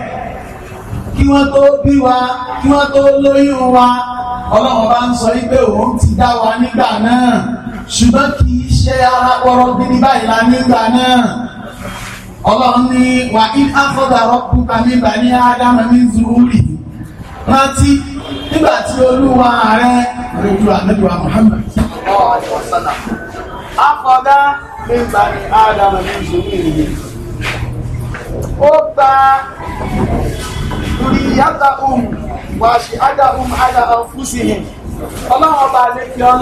kí wọ́n tó bí wa kí wọ́n tó lóyún wa ọlọ́run bá ń sọ wípé òun ti dá wa nígbà náà ṣùgbọ́n kì í ṣe ara pọ̀rọ̀ bí ní báyìí la nígbà náà. ọlọ́run wa wà ní afọ́dàrọ́ kúta nígbà ní ádámà ní zúúrì rántí nígbà tí olúwa rẹ rẹjú àdẹ́gbà Muhammad afọ́dá nígbà ní ádámà ní zúúrì ó gba ìyáta ohun wà ṣe ádá ohun ádá ọ̀fún sí hìn ọlọ́run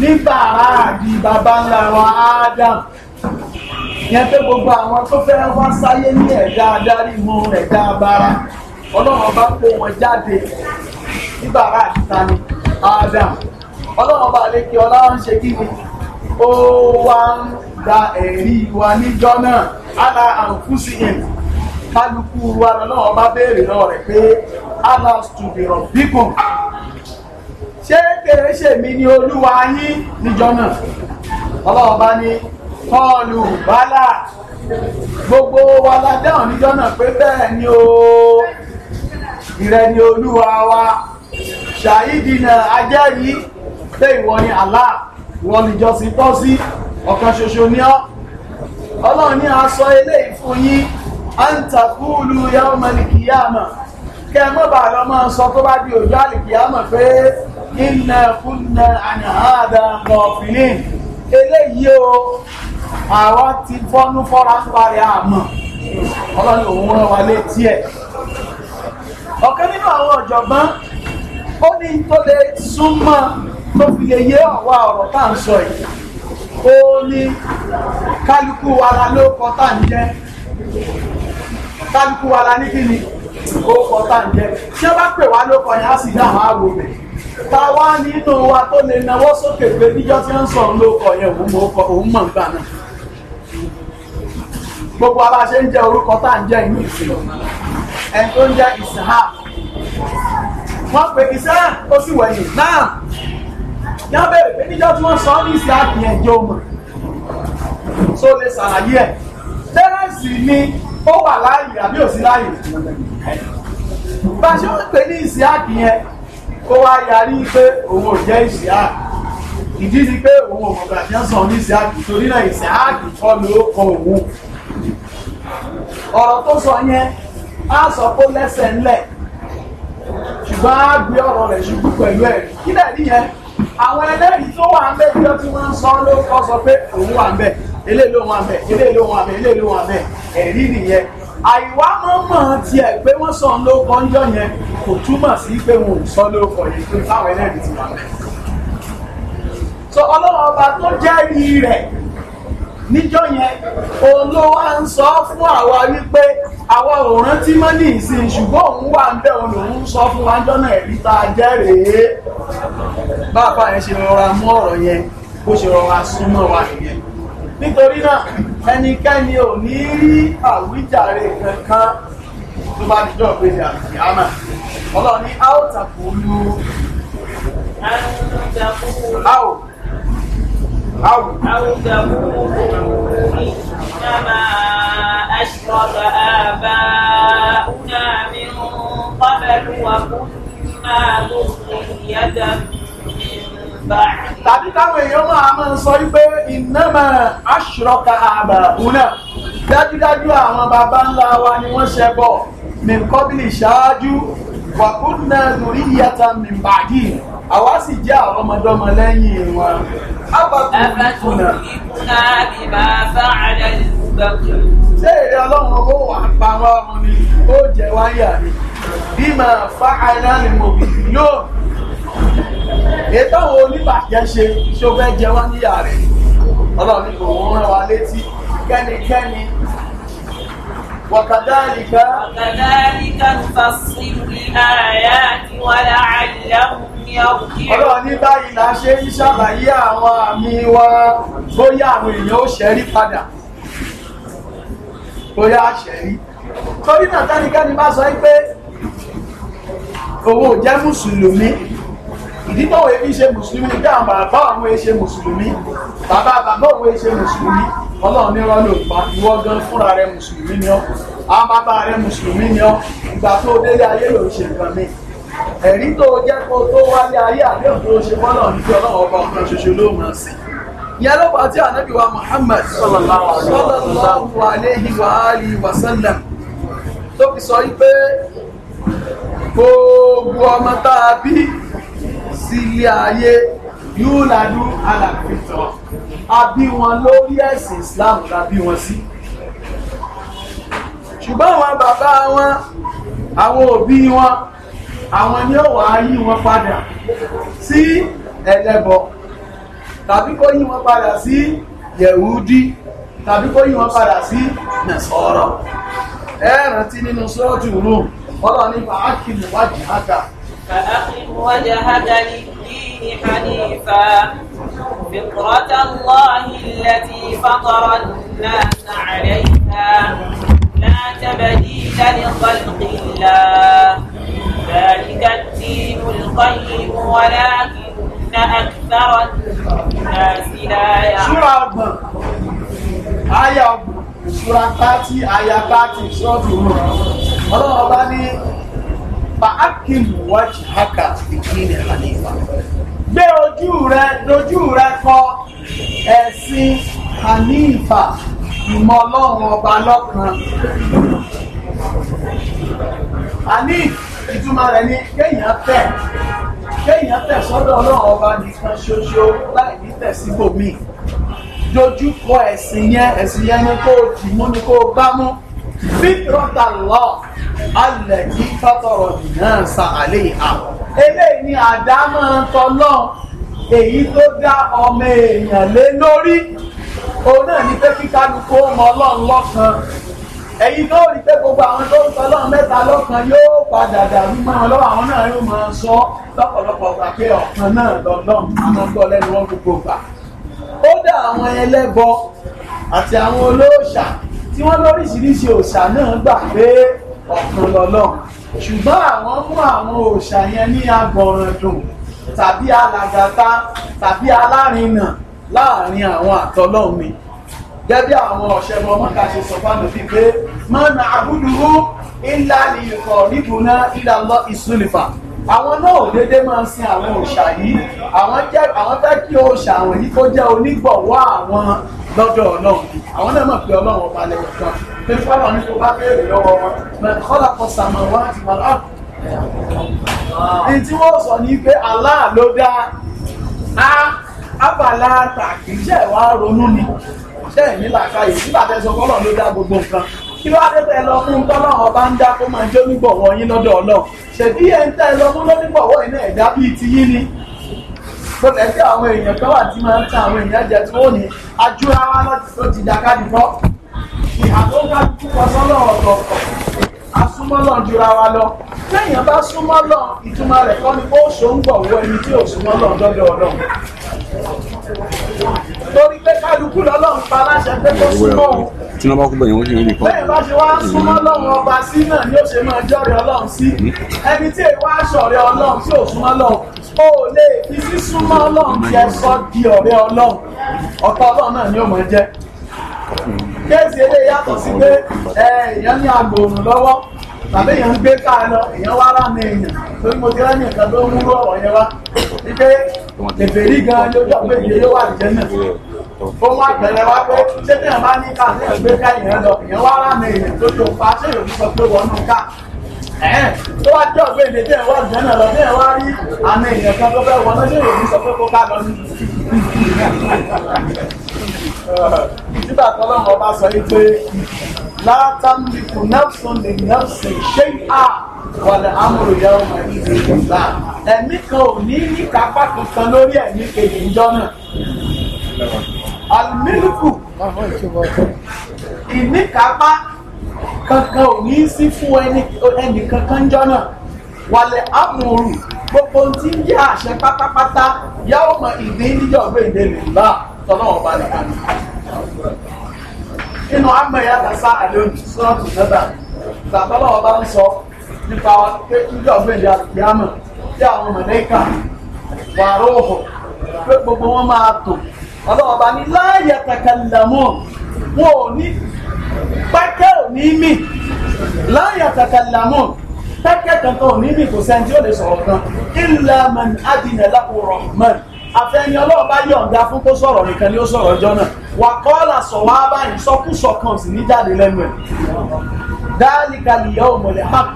ní bàrá àbí bàbá ńlá wa Ádámù yẹn pé gbogbo àwọn tó fẹ́ wá sáyé ní ẹ̀dá adarí mu ẹ̀dá abara ọlọ́run bá kó wọn jáde ní bàrá àti tani Ádámù ọlọ́run bá lè kí ọlọ́run ṣe kí ni ó wá ń gba ẹ̀rí wa níjọ́ náà ala àǹkúsí yẹn kálukú wa lọ́wọ́ bá béèrè lọ́wọ́ rẹ̀ pé ala stùdìrọ̀ bíkùn ṣé kèrè ṣèmi ni olúwa yín níjọ náà ọlọ́run bá ní kọ́ọ̀lù bálà gbogbo wa la dáhùn níjọ náà pé bẹ́ẹ̀ ni o ìrẹ ni olúwa wa ṣàyídìnà ajẹ́rìí pé ìwọ ni Allah ìwọ níjọsìn tọ́ sí ọ̀kan ṣoṣo ní ọ́ ọlọ́run ní aṣọ eléyìí fún yín antakulu yawmal kiyama kẹ́ mọ́ bàá lọ sọ tó bá di òjò àlìkìyàmọ̀ pé inna kunna an hada ghafilin eléyìí o àwa ti fọ́nú fọ́ra ń parí àmọ́ ọlọ́run òun rán wa létí ẹ̀ ọ̀kan nínú àwọn ọ̀jọ̀gbọ́n ó ní tó lè súnmọ́ tó fi lè yé àwa ọ̀rọ̀ tá à ń sọ yìí ó ní kálukú ara ló kọ tá à ń jẹ́ kálukú ara ní kí ni ó kọ tá à ń jẹ́ tí bá pè wá ló kọ yẹn á sì dáhùn àwòrán ta wá nínú wa tó lè nawọ́ sókè pé níjọ́ tí ń sọ ń lo ọkọ̀ yẹn òun mọ̀ ọkọ̀ òun mọ̀ nígbà náà gbogbo ara ṣe ń jẹ orúkọ tá à ń jẹ ìlú ìsìn ẹni tó ń jẹ ìsìnhá wọ́n pè ìsìnhá ó sì wẹ̀yìn náà yá bèrè pé níjọ́ tí wọ́n sọ ní ìsìnhá yẹn jẹ́ ọmọ tó lè ṣàlàyé ẹ̀ tẹ́rẹ̀sì ni ó wà láàyè àbí òsínláyè bá a ṣe ń pè ní ìsìnhá yẹn kó wá yarí pé òun ò jẹ́ ìṣíà ìdí ni pé òun ò mọ̀gbà tí wọ́n sọ ní ìṣíà torí náà ìṣíà kọ́ ló kọ òun ọ̀rọ̀ tó sọ yẹn á sọ pé lẹ́sẹ̀ ńlẹ̀ ṣùgbọ́n á gbé ọ̀rọ̀ rẹ̀ ṣubú pẹ̀lú ẹ̀ kí lẹ̀ nìyẹn àwọn ẹlẹ́rìí tó wà ń bẹ̀ tí wọ́n ti wọ́n ń sọ ló kọ́ sọ pé òun wà ń bẹ̀ eléèló wà ń bẹ̀ eléèló wà ń bẹ̀ ẹ̀rí nìyẹn àìwá mọ́mọ́ tiẹ̀ pé wọ́n sọ ló kọ́njọ́ yẹn kò túmọ̀ sí pé wọn ò sọ ló kọ́ yẹn pé táwọn ẹlẹ́rìí ti wà bẹ́ẹ̀. sọ ọlọ́run ọba tó jẹ́rìí rẹ̀ níjọ́ yẹn òun ló wá ń sọ fún àwa wípé àwa ò rántí mọ́ ní ìsìn ṣùgbọ́n òun wà ń bẹ̀ òun lòun sọ fún wa jọ́nà ẹ̀rí tá a jẹ́ rèé bá a bá yẹn ṣe rọra mú ọ̀rọ̀ yẹn bó ṣe rọra súnmọ́ wa nìyẹn nítorí náà ẹnikẹ́ni ò ní rí àwíjàre kankan tó bá dijọ́ ìpèsè àti àmà ọlọ́run ní a ó tàkùlù láwò láwò. àwùjọ̀kùlù ìjọba aṣọ́gbà àbá ọ̀nà mi kọ́bẹ̀lú wa máa lókun ìyá dàbí mi tàbí táwọn èèyàn máa máa sọ wípé ìnáma aṣọ́ka àbàbùnà dájúdájú àwọn baba ńlá wa ni wọ́n ṣe bọ̀ mìkọ́bìlì ṣáájú wàkúnnà lórí ìyàtà mìbàdí àwa sì jẹ́ àwọn ọmọdọ́mọ lẹ́yìn wọn. abàtúndà bíbá bá àdá ìgbàgbọ́. ṣé èrè ọlọ́run ó wà pa wá ni ó jẹ wáyà ni bí màá fa àdá ni mo bì yóò ètò àwọn oníbàjẹ́ ṣe ṣó fẹ́ jẹ wọ́n níyà rẹ̀ ọlọ́run kò wọ́n rán wa létí kẹ́nikẹ́ni وكذلك وكذلك نفصل الآيات ولعلهم Ọlọ́run ní báyìí là ṣe ń ṣàlàyé àwọn àmì wa bóyá àwọn èèyàn ó ṣẹ́rí padà bóyá á ṣẹ́rí. Torí náà tẹ́nikẹ́ni bá sọ pé òun jẹ́ Mùsùlùmí ìdíbọ̀wọ̀ ebi ṣe mùsùlùmí bí àwọn bàbá àwọn èṣe mùsùlùmí bàbá bàbá òun èṣe mùsùlùmí ọlọ́run ní rọ́ọ̀lù pa ìwọ gan fúnra rẹ mùsùlùmí ni ọ́ àwọn bàbá rẹ mùsùlùmí ni ọ́ ìgbà tó o délé ayé ló ń ṣe nǹkan mi ẹ̀rí tó o jẹ́ kó o tó wálé ayé àdéhùn tó o ṣe fọ́lọ́run ní kí ọlọ́run ọba ọkàn ṣoṣo ló mọ̀ sí i ìyẹn ló bá tí ànábì wa Muhammad sallallahu alayhi wa alihi wa sallam tó fi sọ wípé gbogbo ọmọ tá a bí sílé ayé yóò ládú alàpìtàn àbí wọn lórí ẹ̀sìn Islam tàbí wọn sí ṣùgbọ́n àwọn bàbá wọn àwọn òbí wọn àwọn ni ó wàá yí wọn padà sí ẹlẹ́bọ tàbí kó yí wọn padà sí yẹ̀wúdí tàbí kó yí wọn padà sí nẹ̀sọ̀rọ̀ ẹ rántí nínú sọ́ọ̀tù rúùn ọlọ́ọ̀ni bàákì mùwájì ága فأقم وجهك للدين حنيفا فطرة الله التي فطر الناس عليها لا تبديل لخلق الله ذلك الدين القيم ولكن أكثر الناس لا يعلمون آية سورة 30 آية 30 سورة 1 ọlọ́run ọba ní fàákìmù wájú haka ìkíni hanifa gbé ojú rẹ dojú rẹ kọ ẹ̀sìn hanifa ìmọ̀ ọlọ́run ọba lọ́kan hanif ìtumọ̀ rẹ̀ ni kéèyàn tẹ̀ kéèyàn tẹ̀ sọ́dọ̀ ọlọ́run ọba nìkan ṣoṣo láì ní tẹ̀síbòmíì dojú kọ ẹ̀sìn yẹn ẹ̀sìn yẹn ni kò dì mú ni kò bá mú fitrọ́tà lọ́ọ̀ alẹ̀ kí fátọ̀rọ̀ náà sa àlẹ́ ìhà eléyìí ni àdámọ́ tọ́lọ́ èyí tó dá ọmọ èèyàn lé lórí òun náà ní pé kíkálukú ọmọ ọlọ́run lọ́kan èyí tó rí pé gbogbo àwọn tó ń tọ́lọ́ mẹ́ta lọ́kan yóò padà dàrú mọ́ wọn lọ́wọ́ àwọn náà yóò máa sọ lọ́pọ̀lọpọ̀ gbà pé ọ̀kan náà lọ́lọ́m àmọ́ gbọ́ lẹ́nu wọn gbogbo gbà. ó dá àwọn ẹlẹ́bọ àti àwọn olóòṣà tí wọ́n lóríṣiríṣi òòṣà náà gbà pé ọ̀kan lọ́lọ́run ṣùgbọ́n àwọn mú àwọn òòṣà yẹn ní agbọ̀ràn dùn tàbí alàgàtà tàbí alárinà láàrin àwọn àtọ́lọ́run ni gẹ́gẹ́ bí àwọn ọ̀ṣẹ́gun ọmọkà ṣe sọ fáwọn fi pé mọ́nà àbúdúrú ńlá ìkọ̀ níbùná ìlà lọ ìsúlìfà àwọn náà ò déédéé máa ń sin àwọn òòṣà yìí àwọn jẹ́ àwọn fẹ́ kí òòṣà àwọn yìí kó jẹ́ onígbọ̀wọ́ àwọn lọ́dọ̀ ọlọ́run àwọn náà mọ̀ pé ọlọ́run ọba lẹ́yìn kan pé fọlọ́ ní tó bá béèrè lọ́wọ́ wọn mẹ́rin kọ́lá kọ́ sàmọ̀ wọn àti wọn Allah ló dá a abala tàkì ṣe wá ronú ni ṣe ní làákàyè nígbà tẹ́ sọ fọlọ́ ló dá gbogbo nǹkan kí ló adé tẹ́ lọ fún tọ́lọ́ ọba ń dá kó máa jó nígbọ̀wọ́ yín lọ́dọ̀ Ọlọ́run ṣèbí ẹ̀ ń tẹ́ lọ fún lónígbọ̀wọ́ iná ẹ̀dá bíi ti yín ni mo tẹ̀sí àwọn èèyàn kan wà tí máa ń àwọn èèyàn jẹ kí àtọ́ká kíkọ sọ́lọ́ ọ̀tọ̀ asúmọ́lọ̀ jura wa lọ lẹ́yìn bá súmọ́lọ̀ ìtumọ̀ rẹ̀ kọ́ ni ó ṣó ń bọ̀ wọ ẹni tí ò súmọ́lọ̀ dọ́dọ̀ ọ̀dọ̀ torí pé kálukú lọ́lọ́run pa láṣẹ pé kó súnmọ́ òun tí wọ́n bá kú bẹ̀yẹ̀ wọ́n ṣe ń rí kọ́. bẹ́ẹ̀ bá ṣe wá súnmọ́ lọ́run ọba sí náà ni ó ṣe máa jọ́rẹ̀ ọlọ́run sí ẹni tí èèwọ̀ aṣọ̀rẹ́ ọlọ́run tí ò súnmọ́ lọ́run ó lè fi sí súnmọ́ ọlọ́run tí ẹ sọ di ọ̀rẹ́ ọlọ́run ọ̀tá ọlọ́run náà ni ó máa jẹ́ kéèsì eléyìí yàtọ̀ sí pé èèyàn ní agbòòrùn lọ́wọ́ tàbí èèyàn ń gbé káà lọ èèyàn wá rámi èèyàn torí mo ti rẹ́ nìkan tó múrú ọ̀rọ̀ yẹn wá wípé èfèrí gan lójọ́ pé ìdílé yóò wà lìjẹ́ náà ohun àpẹẹrẹ wá pé ṣé téèyàn bá ní káà téèyàn gbé káà èèyàn lọ èèyàn wá rámi èèyàn tó tó pa ṣé èèyàn sọ pé wọnú káà tó wá jọ pé èdè téèyàn wá lìjẹ́ náà lọ téèyàn wá rí àmì èèyàn kan tó fẹ́ wọnú ṣé èèyàn sọ pé kó ká lọ nígbà tọ́lọ́mọ bá sọ yìí pé látàmìkù nelson lè nelson ṣé à wàlẹ̀ amúrò yẹ ọmọ ìdè ìgbà ẹ̀mí kan ò ní ní kápá kankan lórí ẹ̀mí kejì ńjọ́ náà àlùmílùkù ìníkápá kankan ò ní sí fún ẹnì kankan jọ́ wàlẹ̀ amúrò gbogbo tí ń jẹ́ àṣẹ pátápátá yá ọmọ ìdè níjọ́ ọgbẹ́ ìdè lè tọ́lọ́wọ́ bá nìkan ni. nínú àmọ̀yá kàṣá àlóyún sọ́ọ̀tù nẹ́bà tàbọ́lọ́wọ́ bá ń sọ nípa pé níjọ́ gbèdé àlùkìyàmọ̀ tí àwọn mọ̀lẹ́kà wà róòhù pé gbogbo wọn máa tò ọlọ́wọ́ bá ní láàyè tàkàlàmù wọn ò ní pẹ́kẹ́ ò ní mì láàyè tàkàlàmù pẹ́kẹ́ kankan ò ní mì kò sẹ́ni tí ó lè sọ̀rọ̀ kan ìlànà adìyẹ lápò rọ̀mọ́n àfẹ́ni ọlọ́run bá yọ̀ǹda fún kó sọ̀rọ̀ nìkan ni ó sọ̀rọ̀ ọjọ́ náà wà kọ́ọ̀là sọ̀wọ́ abáyìn sọkúsọ kan sì ní jáde lẹ́nu ẹ̀ dáàlìkà lìyà òmòlẹ̀ hàn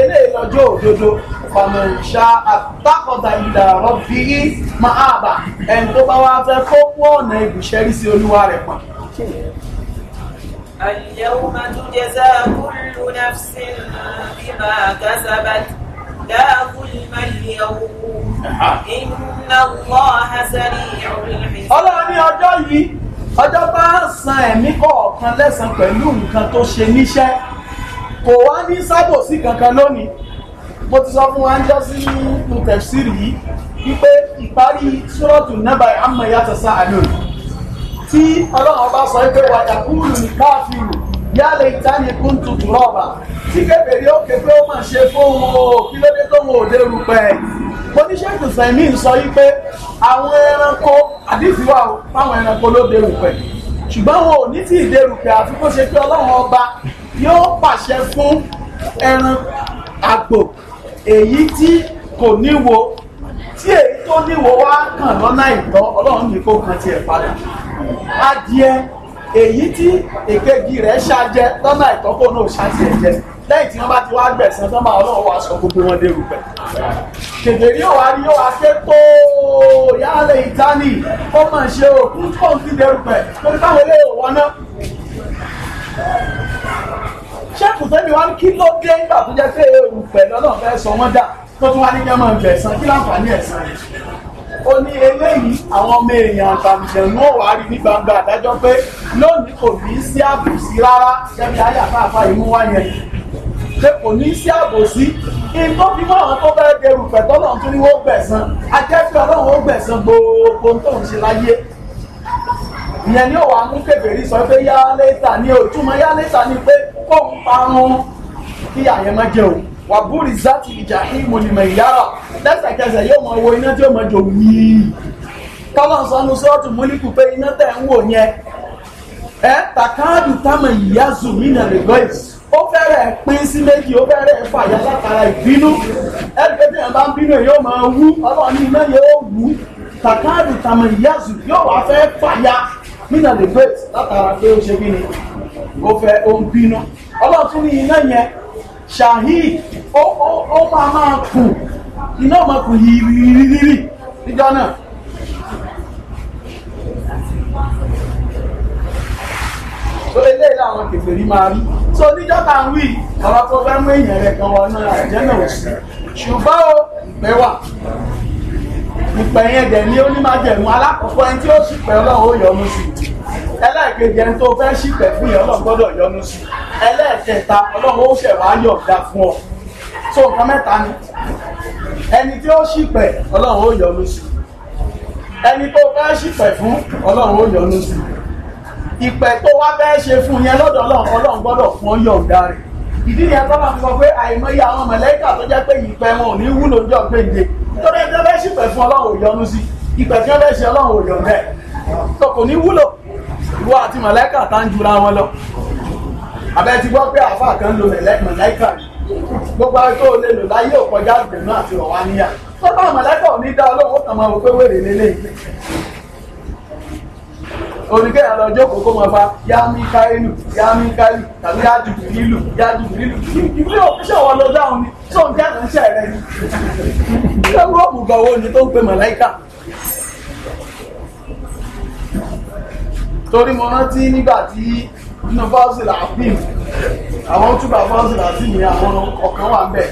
eléyìí lọ́jọ́ òdodo fàmọ̀ṣà àtàkọ̀dà ìlà ọ̀rọ̀ fi í máa bà ẹni tó bá wá fẹ́ kó kú ọ̀nà ìbùṣẹ́rí sí olúwa rẹ̀ pa. اليوم تجزى كل نفس بما كسبت لا ظلم اليوم إن الله سريع الحساب ọlọ́run ní ọjọ́ yìí ọjọ́ bá san ẹ̀mí kọ̀ọ̀kan lẹ́sàn pẹ̀lú nǹkan tó ṣe níṣẹ́ kò wá ní sábòsí kankan lónìí mo ti sọ fún wa ń jọ sí nínú yìí wípé ìparí sọ́rọ̀tù nẹ́bà àmọ́ ìyá tẹ̀sán àlóyìn tí ọlọ́run bá sọ pé wàjà kúrú ní káàfin rò yálẹ̀ ìtàní kún tuntun rọ̀bà tí kébèrè ó ké pé ó máa ṣe fóun o kí ló dé tóun ò dé rúpẹ́ oníṣègùn sẹ́mi sọ yí pé àwọn ẹranko àdìsí wà fáwọn ẹranko ló dé rúpẹ́ ṣùgbọ́n wọn ò ní tí ì dé rúpẹ́ àti kó ṣe pé ọlọ́run ọba yóò pàṣẹ fún ẹran àgbò èyí tí kò níwo tí èyí tó níwo wá kàn lọ́nà ìtọ́ ọlọ́run ní kó kan tiẹ̀ padà adìẹ èyí tí èkejì rẹ̀ ṣàjẹ lọ́nà ìtọ́kọ̀ náà ṣàti ẹ̀jẹ̀ lẹ́yìn tí wọ́n bá ti wá gbẹ̀sán tán máa ọlọ́run wá sọ gbogbo wọn dérú pẹ̀. kèdèrí yóò wá rí yóò wá ké kóó yálẹ̀ ìtánì ó mà ṣe òkú tó ń ti dérú pẹ̀ torí táwọn ilé ìwọ náà. ṣéèkù sẹ́mi wá kí ló dé nígbà tó jẹ́ pé èrú pẹ̀ lọ́nà fẹ́ sọ wọ́n dà tó tún wá ní kí wọ́n máa gbẹ̀sán kí láǹfààní ẹ̀sán ó ní eléyìí àwọn ọmọ èèyàn àtàlùjẹ̀ ló wà á rí ní gbangba àdájọ́ pé lónìí kò ní sí àbòsí rárá jẹ́bi ayàfáàfáà ìmú wá yẹn pé kò ní sí àbòsí ìtọ́ fi mọ́ àwọn tó bẹ́ẹ̀ dẹrù pẹ̀tọ́ náà tún ní wọ́n gbẹ̀sán ajẹ́fẹ́ ọlọ́run ó gbẹ̀sán gbogbo tó ń ṣe láyé ìyẹn ni ó wàá mú kébèrè sọ pé yá lẹ́tà ni òtúmọ̀ yá lẹ́tà ni pé kóun parun kí àyẹ̀mọ́ jẹun wà búrì zati ìjàhímù lìmọ̀ ìyára lẹ́sẹ̀kẹsẹ̀ yóò mọ owó iná tí ó mọ jò wíì kọ́lọ́n sọnù sọ́ọ̀tù múlíkù pé iná tẹ̀ ń wò yẹn ẹ tàkáàdù táwọn ìyá zùmínà lè gbọ́ yìí ó fẹ́rẹ̀ pín sí méjì ó fẹ́rẹ̀ fàyà látara ìbínú ẹni pé tíyẹn bá ń bínú yóò máa wú ọlọ́run ní iná yóò wú tàkáàdù táwọn ìyá zù yóò wá fẹ́ fàyà mínà lè gbọ́ yìí látara pé ó ṣe kí ni ó fẹ́ ó ń bínú ọlọ́run tún ní iná yẹn shahid ó ó ó máa máa kù iná máa kù yìírírírírì níjọ́ náà. so eléyìí làwọn kèfèrí máa rí so níjọ́ tá à ń wí ọ̀rọ̀ tó fẹ́ mú èèyàn rẹ̀ kan wọ náà sí ṣùgbọ́n ó pẹ́ wà ìpè yẹn dẹ̀ ni ó ní májẹ̀mú alákọ̀ọ́kọ́ ẹni tí ó ṣìpẹ̀ ọlọ́run ó yọ́nú sí ẹlẹ́ẹ̀kejì ẹni tó fẹ́ ṣìpẹ̀ fún yẹn ọlọ́run gbọ́dọ̀ yọ́nú sí ẹlẹ́ẹ̀kẹta ọlọ́run ó ṣẹ̀wá yọ̀ọ̀dá fún ọ so nǹkan mẹ́ta ni ẹni tí ó ṣìpẹ̀ ọlọ́run ó yọ́nú sí ẹni tó fẹ́ ṣìpẹ̀ fún ọlọ́run ó yọ́nú sí ìpẹ̀ tó wá fẹ́ ṣe fún yẹn lọ́dọ̀ ọlọ́run ọlọ́run gbọ́dọ̀ fún ọ yọ̀ọ̀dá rẹ̀ ìdí nìyẹn tó máa ń sọ pé àìmọye àwọn mọ̀lẹ́kà tó jẹ́ pé ìpẹ́ wọn ò ní wúlò jọ péńde torí ẹjọ́ bẹ́ẹ̀ sì pẹ̀ fún ọlọ́run ò yọ́nú sí ìpẹ̀ tí wọ́n bẹ́ẹ̀ ṣe ọlọ́run ò yọ̀ǹda ẹ̀ tó kò ní wúlò ìwọ àti mọ̀lẹ́kà tá ń jura wọn lọ àbẹ ti gbọ́ pé àfa kan lo mọ̀lẹ́kà gbogbo ayé tó lè lò láyé òkọjá àgbẹ̀ náà àti ọ̀wá níyà tó bá mọ̀lẹ́kà ò ní dá ọlọ́run ó oníkẹ́yà lọ jókòó kó máa fa yá Míkáílù yá Míkáílù tàbí yá Jùbìlílù yá Jùbìlílù ìdílé òfíṣẹ́ wọn lọ dáhùn ni tó ń dáhùn iṣẹ́ rẹ ni. ṣé rọ́ọ̀bù gan owó ni tó ń pe màláìkà. torí mo rántí nígbà tí nínú fáwọsì làbíìn àwọn túbà fáwọsì làbíìn ni àwọn ọ̀kan wà ń bẹ̀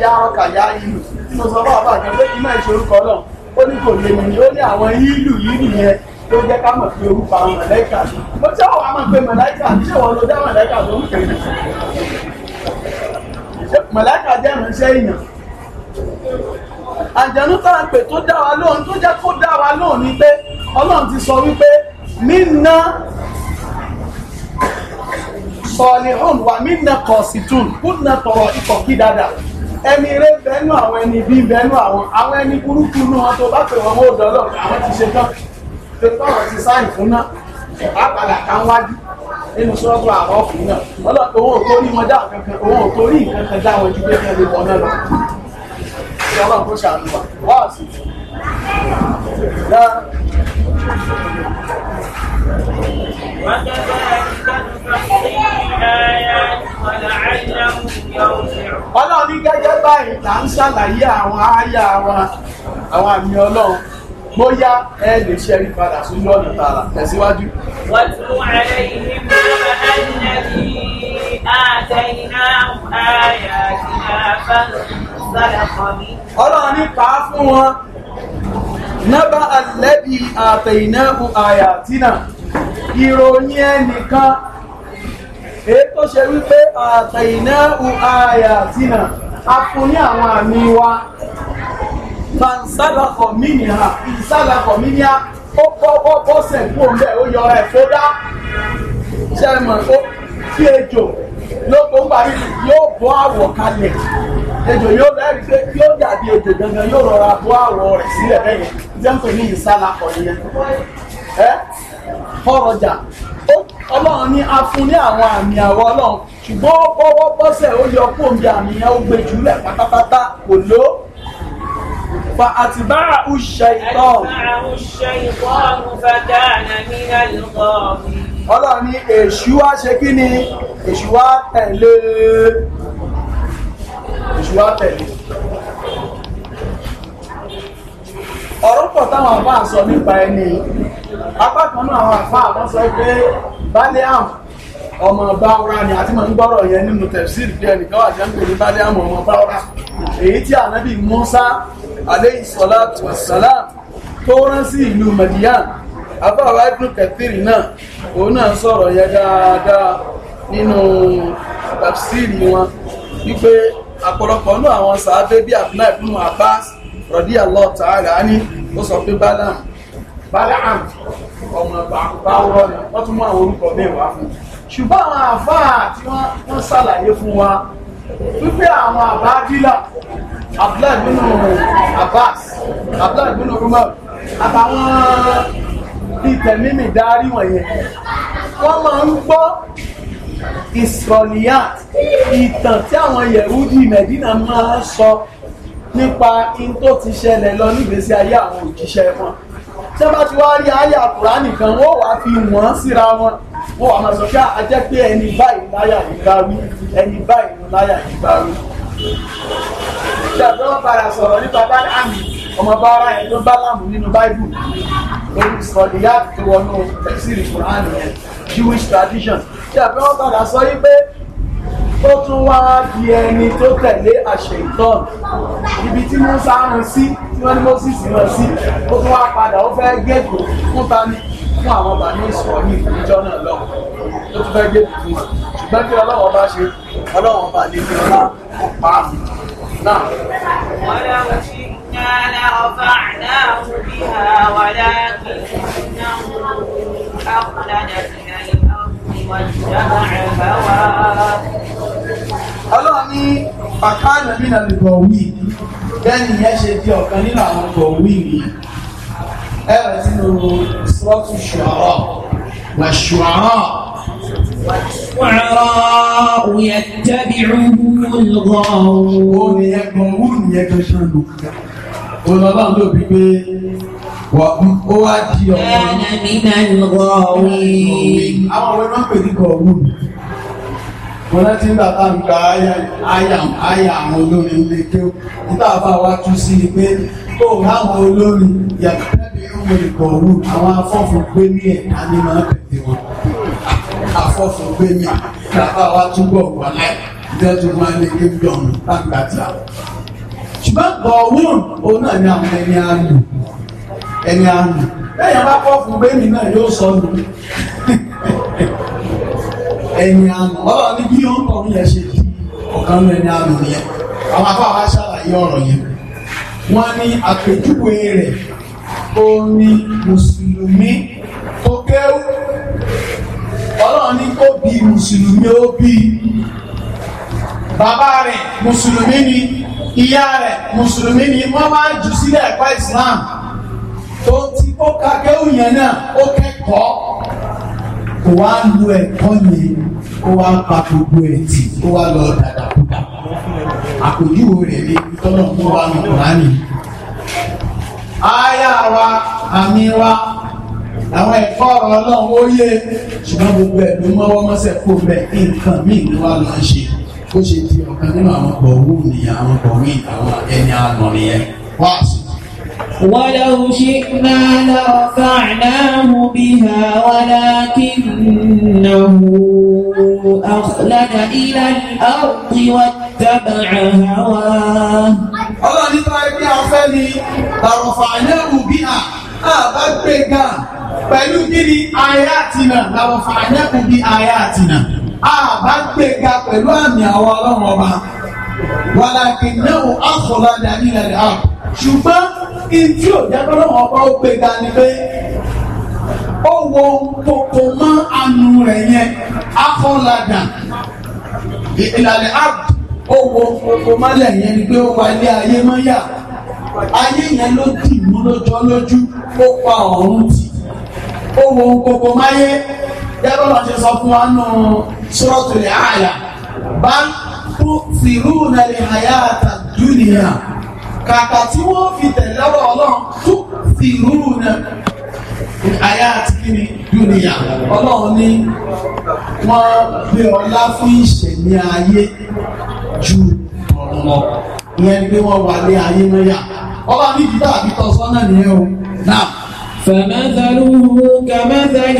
yá ọkà yá ìlú tí mo sọ fún àbá kan pé kí náà ìṣòro kan náà ó ní kò lè mí ni ó ní àwọn ìlú yìí nìyẹn tó jẹ́ ká mọ̀ sí orúkọ àwọn mọ̀lẹ́kà mo ṣé wàá máa pe mọ̀lẹ́kà ṣé wọ́n ló dá mọ̀lẹ́kà tó ń pè é mọ̀lẹ́kà jẹ́ ìránṣẹ́ èèyàn àjẹnú tá a pè tó dá wa lóhùn tó jẹ́ kó dá wa lóhùn ni pé ọlọ́run ti sọ wípé nínà sọ̀lìhùn wà nínà kọ̀ọ̀sìtún kúnnà tọ̀rọ̀ ikọ̀ kí dáadáa ẹni eré bẹ́nu àwọn ẹni bí bẹ́nu àwọn àwọn ẹni burúkú náà tó bá pè wọ́n ó dọ́lọ́ àwọn ti ṣe tán tó tọrọ ti sáyìn fún náà ẹ̀bá padà ká ń wájú nínú sọ́ọ̀bù àwọn ọ̀fìn náà ọlọ́ owó òtórí wọn dáhùn kankan owó òtórí nǹkan kan dáhùn ojú pé kí ẹ lè wọ náà lọ. ṣé ọlọ́run kò ṣàlùwà wọ́ọ̀sì náà. ọlọ́run ní gẹ́gẹ́ báyìí là ń ṣàlàyé àwọn àyà wa àwọn àmì ọlọ́run bóyá ẹ lè ṣe ẹni padà sójú ọ̀nà tààrà tẹ̀síwájú. wọ́n tún ààrẹ ìlú mọ́ra ẹ̀dínlẹ́bí àtẹ̀yìnáhùn ààyè àti àbá sọ́dọ̀ kan mi. ọlọ́run ní pa á fún wọn nábà àlẹ́bí àtẹ̀yìnáhùn ààyè àtìnà ìròyìn ẹnìkan èyí tó ṣe wípé àtẹ̀yìnáhùn ààyè àtìnà a fún ní àwọn àmì wa fansálàkọ̀ mínìhà ìsálàkọ̀ mínìhà ó bọ́ bọ́sẹ̀ kú òun bẹ́ẹ̀ ó yọra ẹ̀ fódá sẹ́mọ̀ ó kí ejò lóko ń parí yóò bọ́ àwọ̀ kalẹ̀ ejò yóò lẹ́rìí pé yóò dàbí ejò gangan yóò rọra bọ́ àwọ̀ rẹ̀ sílẹ̀ bẹ́ẹ̀ yẹn jẹ́ǹpẹ̀ ní ìsálàkọ̀ nìyẹn ẹ́ fọ́rọ̀jà ọlọ́run ní a fún ní àwọn àmì àwọ̀ ọlọ́run ṣùgbọ́n bọ́wọ́ bọ́sẹ̀ ó yọ kó omi àmì yẹn ó gbé jùlẹ̀ pátápátá kò lóò فأتبعه الشيطان أتبعه الشيطان فكان من الغاوين ọlọ́run ní èṣù wá ṣe kí ni èṣù wá tẹ̀lé èṣù wá tẹ̀lé ọ̀rọ̀ pọ̀ táwọn àfáà sọ nípa ẹni apá kan náà àwọn àfáà wọ́n sọ pé balẹ̀ àmì ọmọ báwọ́rá ni àti mọ̀ ń gbọ́rọ̀ yẹn nínú tẹ̀síìrì pé ẹnìkan wà jẹ́ǹkò ní bálé àmọ̀ ọmọ báwọ́rá èyí tí ànábì Musa alayhi salatu wassalam tó rán sí ìlú Madiyan abáwá ibnu kẹtìrì náà òun náà sọ̀rọ̀ yẹn dáadáa nínú tẹ̀síìrì wọn wípé àpọ̀lọpọ̀ náà àwọn sàábé bí àbúlá ibnu Abbas radiyallahu ta'ala ní ó sọ pé Balaam Balaam ọmọ báwọ́rọ́ ni wọ́n tún mú àwọn orúkọ mẹ́wàá fún un ṣùgbọ́n àwọn àfáà tí wọ́n ṣàlàyé fún wa wípé àwọn àbádílà abdullahi bin abbas abdullahi bin umar àtàwọn ìtẹ̀mímì darí wọ̀nyẹn wọ́n máa ń gbọ́ israeliyat ìtàn tí àwọn yẹ̀húdì mẹ̀dínà máa ń sọ nípa in tó ti ṣẹlẹ̀ lọ nígbésí ayé àwọn òjíṣẹ́ wọn tí wọ́n bá ti wá rí ayé àkùrá nìkan wọ́n wá fi wọ́n síra wọn wọ́n àmọ́ sọ pé ajẹ́ pé ẹni báyìí láyà ìgbà wí ẹni báyìí láyà ìgbà wí. ìjọba wọn padà sọ̀rọ̀ nípa báyìí àmì ọmọ bá ara ẹ̀ ló bá láàmú nínú báíbù lórí tó wọnú tẹ̀síìrì Quran yẹn Jewish tradition ìjọba wọn padà sọ yí pé ó tún wá di ẹni tó tẹ̀lé àṣẹ ìtọ́n ibi tí Musa rán sí tí wọ́n ní Moses rán sí ó tún wá padà ó fẹ́ gégùn fún ta ni fún àwọn bàní ìsọ̀rọ̀ ní ìfúnjọ́ náà lọ tó tún fẹ́ gbé tuntun ṣùgbọ́n kí ọlọ́wọ́n bá ṣe ọlọ́wọ́n bá lè fi ọlá pa á náà. wọ́n lọ sí ọba àdáhùn bí àwọn aláàkì náà أخلد إلى الأرض واجتمع هواه ọlọ́run ní pàkánà mí náà lè bọ̀ wí bẹ́ẹ̀ ni ìyẹn ṣe di ọ̀kan nínú àwọn bọ̀ wí nìyẹn ẹ bẹ̀rẹ̀ sínú sọ́ọ̀tù ṣùárọ̀ wà ṣùárọ̀. Wàrọ̀ yẹ tẹ́bi lọ́wọ́. Ó ní ẹgbọ̀n wù ní ẹgbẹ́ ṣáàlù. Olùbàbà ń lò bí pé ó wá di ọ̀gbọ́n. Bẹ́ẹ̀ ni mi náà ń lọ ọ̀wé. Àwọn ọ̀rẹ́ máa ń pè ní kọ̀ọ̀wù mo rántí nígbà tá à ń gba àyà àwọn olórin ilé tó nígbà bá wa tú sí i pé kó o ráwọn olórin yàtọ̀ tẹ́lẹ̀ ìwé ìkọ̀wé àwọn afọ́fún gbé ní ẹ̀ka ní máa tẹ̀lé wọn afọ́fún gbé ní bàbá wa túbọ̀ wà láì ìdẹ́tù máa lè ké dọ̀nù lágbà tí a lọ. ṣùgbọ́n gọ̀ọ̀wọ́n òun náà ni àwọn ẹni àánú ẹni àánú lẹ́yìn abá fọ́fún gbé mi náà yóò sọnù ẹ̀yìn àmọ́ ọ̀rọ̀ ni bí ó ń bọ̀ nílẹ̀ ṣe di ọ̀kan lọ ẹni àmọ́ yẹn àwọn afáwọn wa ṣàlàyé ọ̀rọ̀ yẹn wọ́n ní àpèjúwe rẹ̀ ó ní mùsùlùmí tó kéwú ọlọ́run ní kó bí mùsùlùmí ó bí bàbá rẹ̀ mùsùlùmí ni ìyá rẹ̀ mùsùlùmí ni wọ́n máa jù sílẹ̀ ẹ̀kọ́ ìsìlámù tó ti kó kakéwù yẹn náà ó kẹ́kọ̀ọ́ kò wá lu ẹ̀kọ́ yẹn kó wá pa gbogbo ẹ̀ tì kó wá lọ dàdàkúdà àpèjúwe rẹ̀ lé tọ́nà kó wá lọ kùránì. Aya wa àmì wa àwọn ẹ̀kọ́ ọ̀rọ̀ náà ó yé ṣùgbọ́n gbogbo ẹ̀ ló mọ́wọ́ mọ́sẹ̀ kó bẹ̀ nǹkan míì ni wàá lọ ṣe ó ṣe ti ọ̀kan nínú àwọn ọkọ̀ òwú nìyẹn àwọn ọkọ̀ míì àwọn ẹni àmọ̀ nìyẹn wáàsù. ولو شئنا لرفعناه بها ولكنه أخلد إلى الأرض واتبع هواه ọlọ́run ní tọ́wọ́ ẹgbẹ́ afẹ́ ni làrọ̀fàánẹ́rù bí a àbá gbé ga pẹ̀lú kíni ayé àtinà làrọ̀fàánẹ́rù bí ayé àtinà àbá gbé ga pẹ̀lú àmì àwọn ọlọ́run ọba wàlàkì náà àkọlọ́dà nílẹ̀ rẹ̀ ààbò ṣùgbọ́n ìdí òjákọ́lọ́ ọ̀pá ó gbé ga ni ó wo kòkò mọ́ anu rẹ̀ yẹn afọ́ladà ìlànà app ó wo kòkò mọ́lẹ̀ yẹn ni pé ó wà ayé ayé yẹn ló dì mú lójọ́ lójú ó pa ọ̀run tì ó wo kàkà tí wọ́n fi tẹ̀lé ọ̀rọ̀ ọlọ́run tó sì rúrù náà àyà àti kíni dúnìyà ọlọ́run ní wọ́n gbé ọlá fún ìṣẹ̀mí ayé ju ọ̀run lọ ìyẹn pé wọ́n wà lé ayé mẹ́yà ọba ní ìdílé àbí tọ́sọ́nà nìyẹn o náà. فمثله كمثل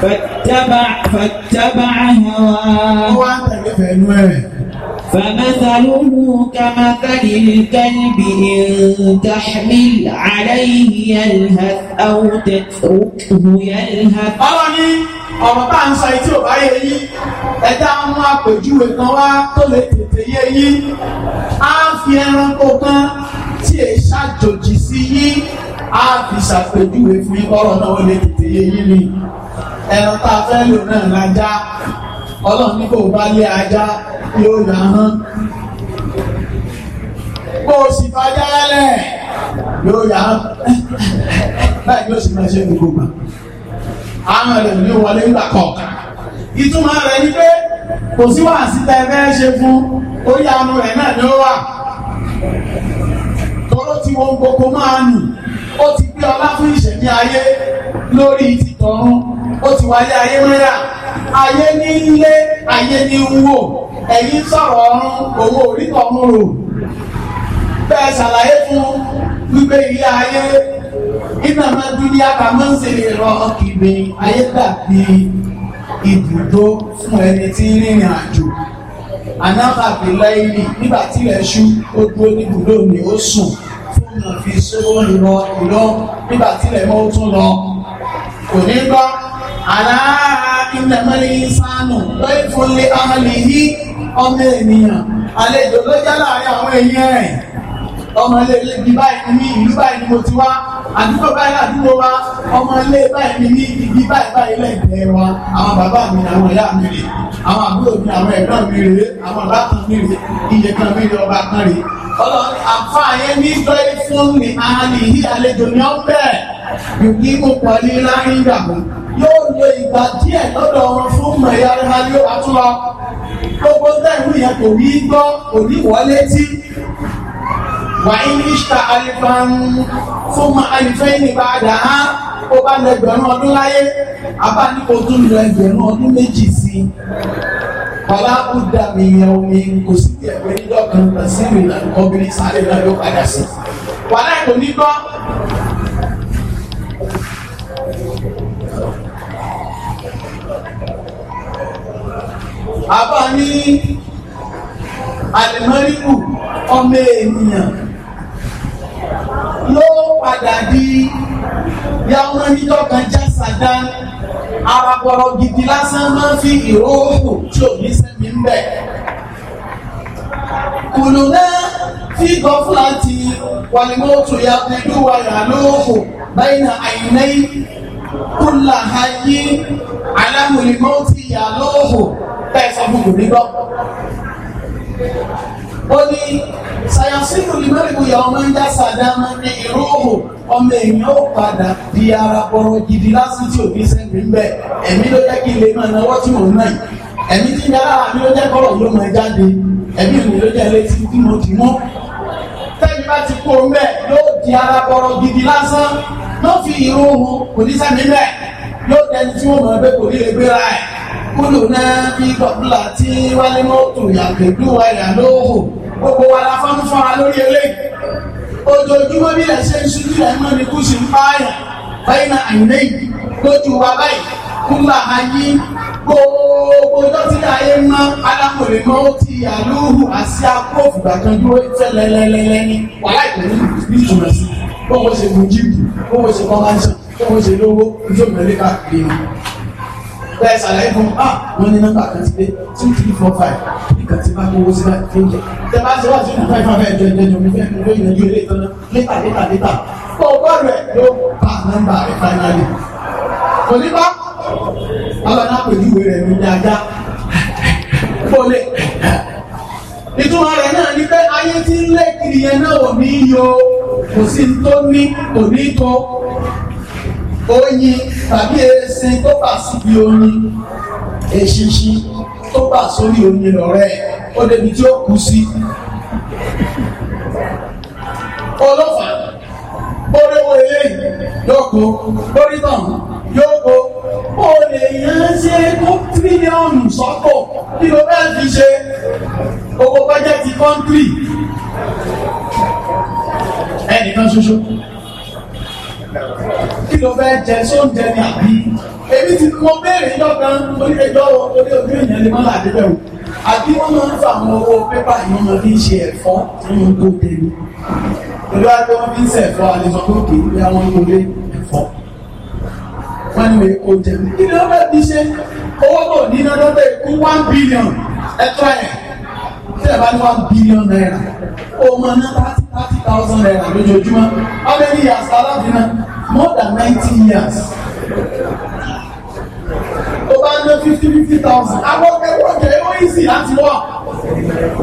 فاتبع فاتبع هواه فمثله كمثل الكلب إن تحمل عليه يلهث أو تتركه يلهث ọ̀rọ̀ tá à ń sa etí ò bá yé yín ẹ̀dá mú àpèjúwe kan wá tó lè tètè yé yín á fi ẹranko kan tí è ṣàjòjì sí yín á fi ṣàpèjúwe fún yín náà ó tètè yé yín ni ẹran tá a fẹ́ lò náà la ọlọ́run ní kò bá lé ajá yóò yà hán kó o sì fàájà lẹ̀ yóò yà hán báyìí yóò sì máa ṣe gbogbo gbà àwọn ẹ̀rọ ní wọlé ńgbà kọ̀ọ̀kan ìtumọ̀ rẹ̀ ni pé kò sí wàásí tẹ́ fẹ́ ṣe fún ó yà anu rẹ̀ náà ni ó wà tọ́lọ́ tí wọ́n gbogbo máa nù ó ti gbé ọlá fún ìṣẹ̀mí ayé lórí títọ̀run ó ti wáyé ayé mẹ́rà ayé ní ilé ayé ní wò ẹ̀yin sọ̀rọ̀ ọ̀run owó orítọ̀ múrù bẹ́ẹ̀ ṣàlàyé fún wípé ilé ayé iná máa dúníyà ká máa ń ṣe ọkìnrin ayé dàbí ibùdó fún ẹni tí ń rìnrìn àjò anáfàbí láìlì nígbà tí ṣú ni ó sùn fún sówó lọ ìlọ nígbà tí mọ́ tún lọ kò ní ìnàmọ́lẹ̀ ìsánù lọ́yìn fún lé ahàlì yí ọmọ ènìyàn àlejò ló jẹ́ láàrin àwọn èèyàn ẹ̀ ọmọ ilé báyìí ní ìlú báyìí ni mo ti wá àdúgbò báyìí àdúgbò wa ọmọ ilé báyìí ní ibi báyìí báyìí lẹ́gbẹ̀ẹ́ wa àwọn bàbá mi ni àwọn ìyá mi rè àwọn àbúrò mi àwọn ẹ̀gbọ́n mi rè àwọn ìbátan mi rè iye kan mi rè ọba kan rè ọlọ́run àfààyè ní bẹ́ẹ̀ ní láyé yóò lo ìgbà díẹ̀ lọ́dọ̀ wọn fún mẹ̀yàrá ayé àtúnlọ gbogbo tẹ́lú yẹn kò ní gbọ́ kò ní wọlé tí wàá ní ṣta alifan fún ma alifẹ́ ní bàdà á ó bá lọ ẹgbẹ̀rún ọdún láyé abá ní kó tún lọ ẹgbẹ̀rún ọdún méjì sí i bàbá buddha mi yẹn omi kò sí ti ẹgbẹ́ níjọ́ kan lọ sí ìrìnà ọbìnrin sáré náà yóò padà sí wàhálà kò ní gbọ́. àbá ní àlìmọ́ríkù ọmọ ènìyàn ló padà di yàwọn níjọ́ kan já sàdá ara gbọ́rọ̀ gidi lásán máa ń fi ìró òkú tí ò sẹ́mi ń bẹ̀. kùnú náà fi gọ́fúláàtì wàlímọ́tò ya pẹ̀lú wàyà lóòkù báyìí àìní kúlà ayé alámùlímọ́tì ya lóòkù bẹ́ẹ̀ sọ fún kùnrin gbọ́. ó ní sayasinu limẹ́rìnkù yà ọmọ ń dásà dáná ní ìró òhò ọmọ èèyàn ó padà di ara bọ̀rọ̀ gidi lásán tí òbí sẹ́ńtì ń bẹ̀ ẹ̀mí ló jẹ́ kí ilé náà náwó tí mò ń náà yìí ẹ̀mí tí yàrá mi ló jẹ́ kọ́rọ̀ ló mọ̀ ẹ́ jáde ẹ̀mí mi ló jẹ́ létí tí mo ti mú tẹ́yìn bá ti kó mbẹ́ yóò di ara bọ̀rọ̀ gidi lásán ló fi ìró òhò kò ní sẹ́mi mbẹ́ yóò dẹni tí wọ́n mọ̀ ẹ́ kò ní kúlù náà bí gọ́bùlà tí wálé mọ́tò yàgbẹ́dù wáyà lóhù gbogbo wa la fọ́n fọ́ra lórí eléyìí ojoojúmọ́ bí ẹ̀ ṣe ń ṣubú rẹ̀ mọ́ ni kú sí ń pààyàn báyìí náà àìlẹ́yìn lójú wa báyìí kúlà ayé gbogbo dọ́tí ayé mọ́ alákòlè mọ́ ó ti àlóhù àti akófù gbàgbọ́n dúró tẹ́lẹ̀lẹ́lẹ́lẹ́ ní wàhálà ìpẹ̀lú ìtura sí bọ́wọ́ ṣe mú jíìpù bọ́wọ́ ṣe kọ́ máa ń ṣe bọ́wọ́ ṣe lówó ojú òmìnira bẹ́ẹ̀ ṣàlàyé fún ah wọ́n ní nọ́mbà kan ti dé two three four five nìkan ti bá kó owó síbẹ̀ tó jẹ. tẹ bá ṣe wá sí five five ẹ̀jọ ẹ̀jọ ẹ̀jọ mi fẹ́ mi fẹ́ ìyànjú eré ìtọ́nà létà létà létà kó o bá rẹ̀ ló bá nọ́mbà rẹ̀ fáínálì. kò ní bá ọlọ́dà pèjúwe rẹ̀ mi dáadáa kó lè. ìtumọ̀ rẹ̀ náà ni pé ayé tí ń lé kiri yẹn náà ò ní yọ kò sí tó ní kò ní tó oyin tàbí esin tó bà síbi oyin eṣinṣin tó bà sórí oyin lọ́rẹ́ ó débi tí ó kú sí. ọlọ́fàá bóríwó eléyìí yóò kó bórítàn yóò kó ó tírílíọ̀nù sọ́kò kí ló bẹ́ẹ̀ fi ṣe owó bájẹ́ kọ́ńtírì ẹnìkan ṣoṣo kí ló fẹ́ jẹ ṣó ń jẹ ní àbí èmi ti mọ béèrè yọkan oníkejọ orí ojú èèyàn lè má làdé bẹ̀rù àbí wọ́n máa ń fa àwọn owó pépà yìí wọ́n fi ń ṣe ẹ̀fọ́ nínú tó tẹ̀lé pẹ̀lú àti wọ́n fi ń ṣe ẹ̀fọ́ àlejò tó kì í bí àwọn ìwọlé ẹ̀fọ́ wọ́n ní wọ́n kó jẹ kí ló fẹ́ fi ṣe owó kò ní náà lọ́dọ̀ one billion ẹ̀tọ́ ẹ̀ tẹ̀ bá ní one billion naira ọmọ náà thirty thirty thousand naira lójoojúmọ́ how many years aláàfin náà more than nineteen years tó bá ń ná fifty fifty thousand awọ́kẹ́wọ́kẹ́ ó easy láti wà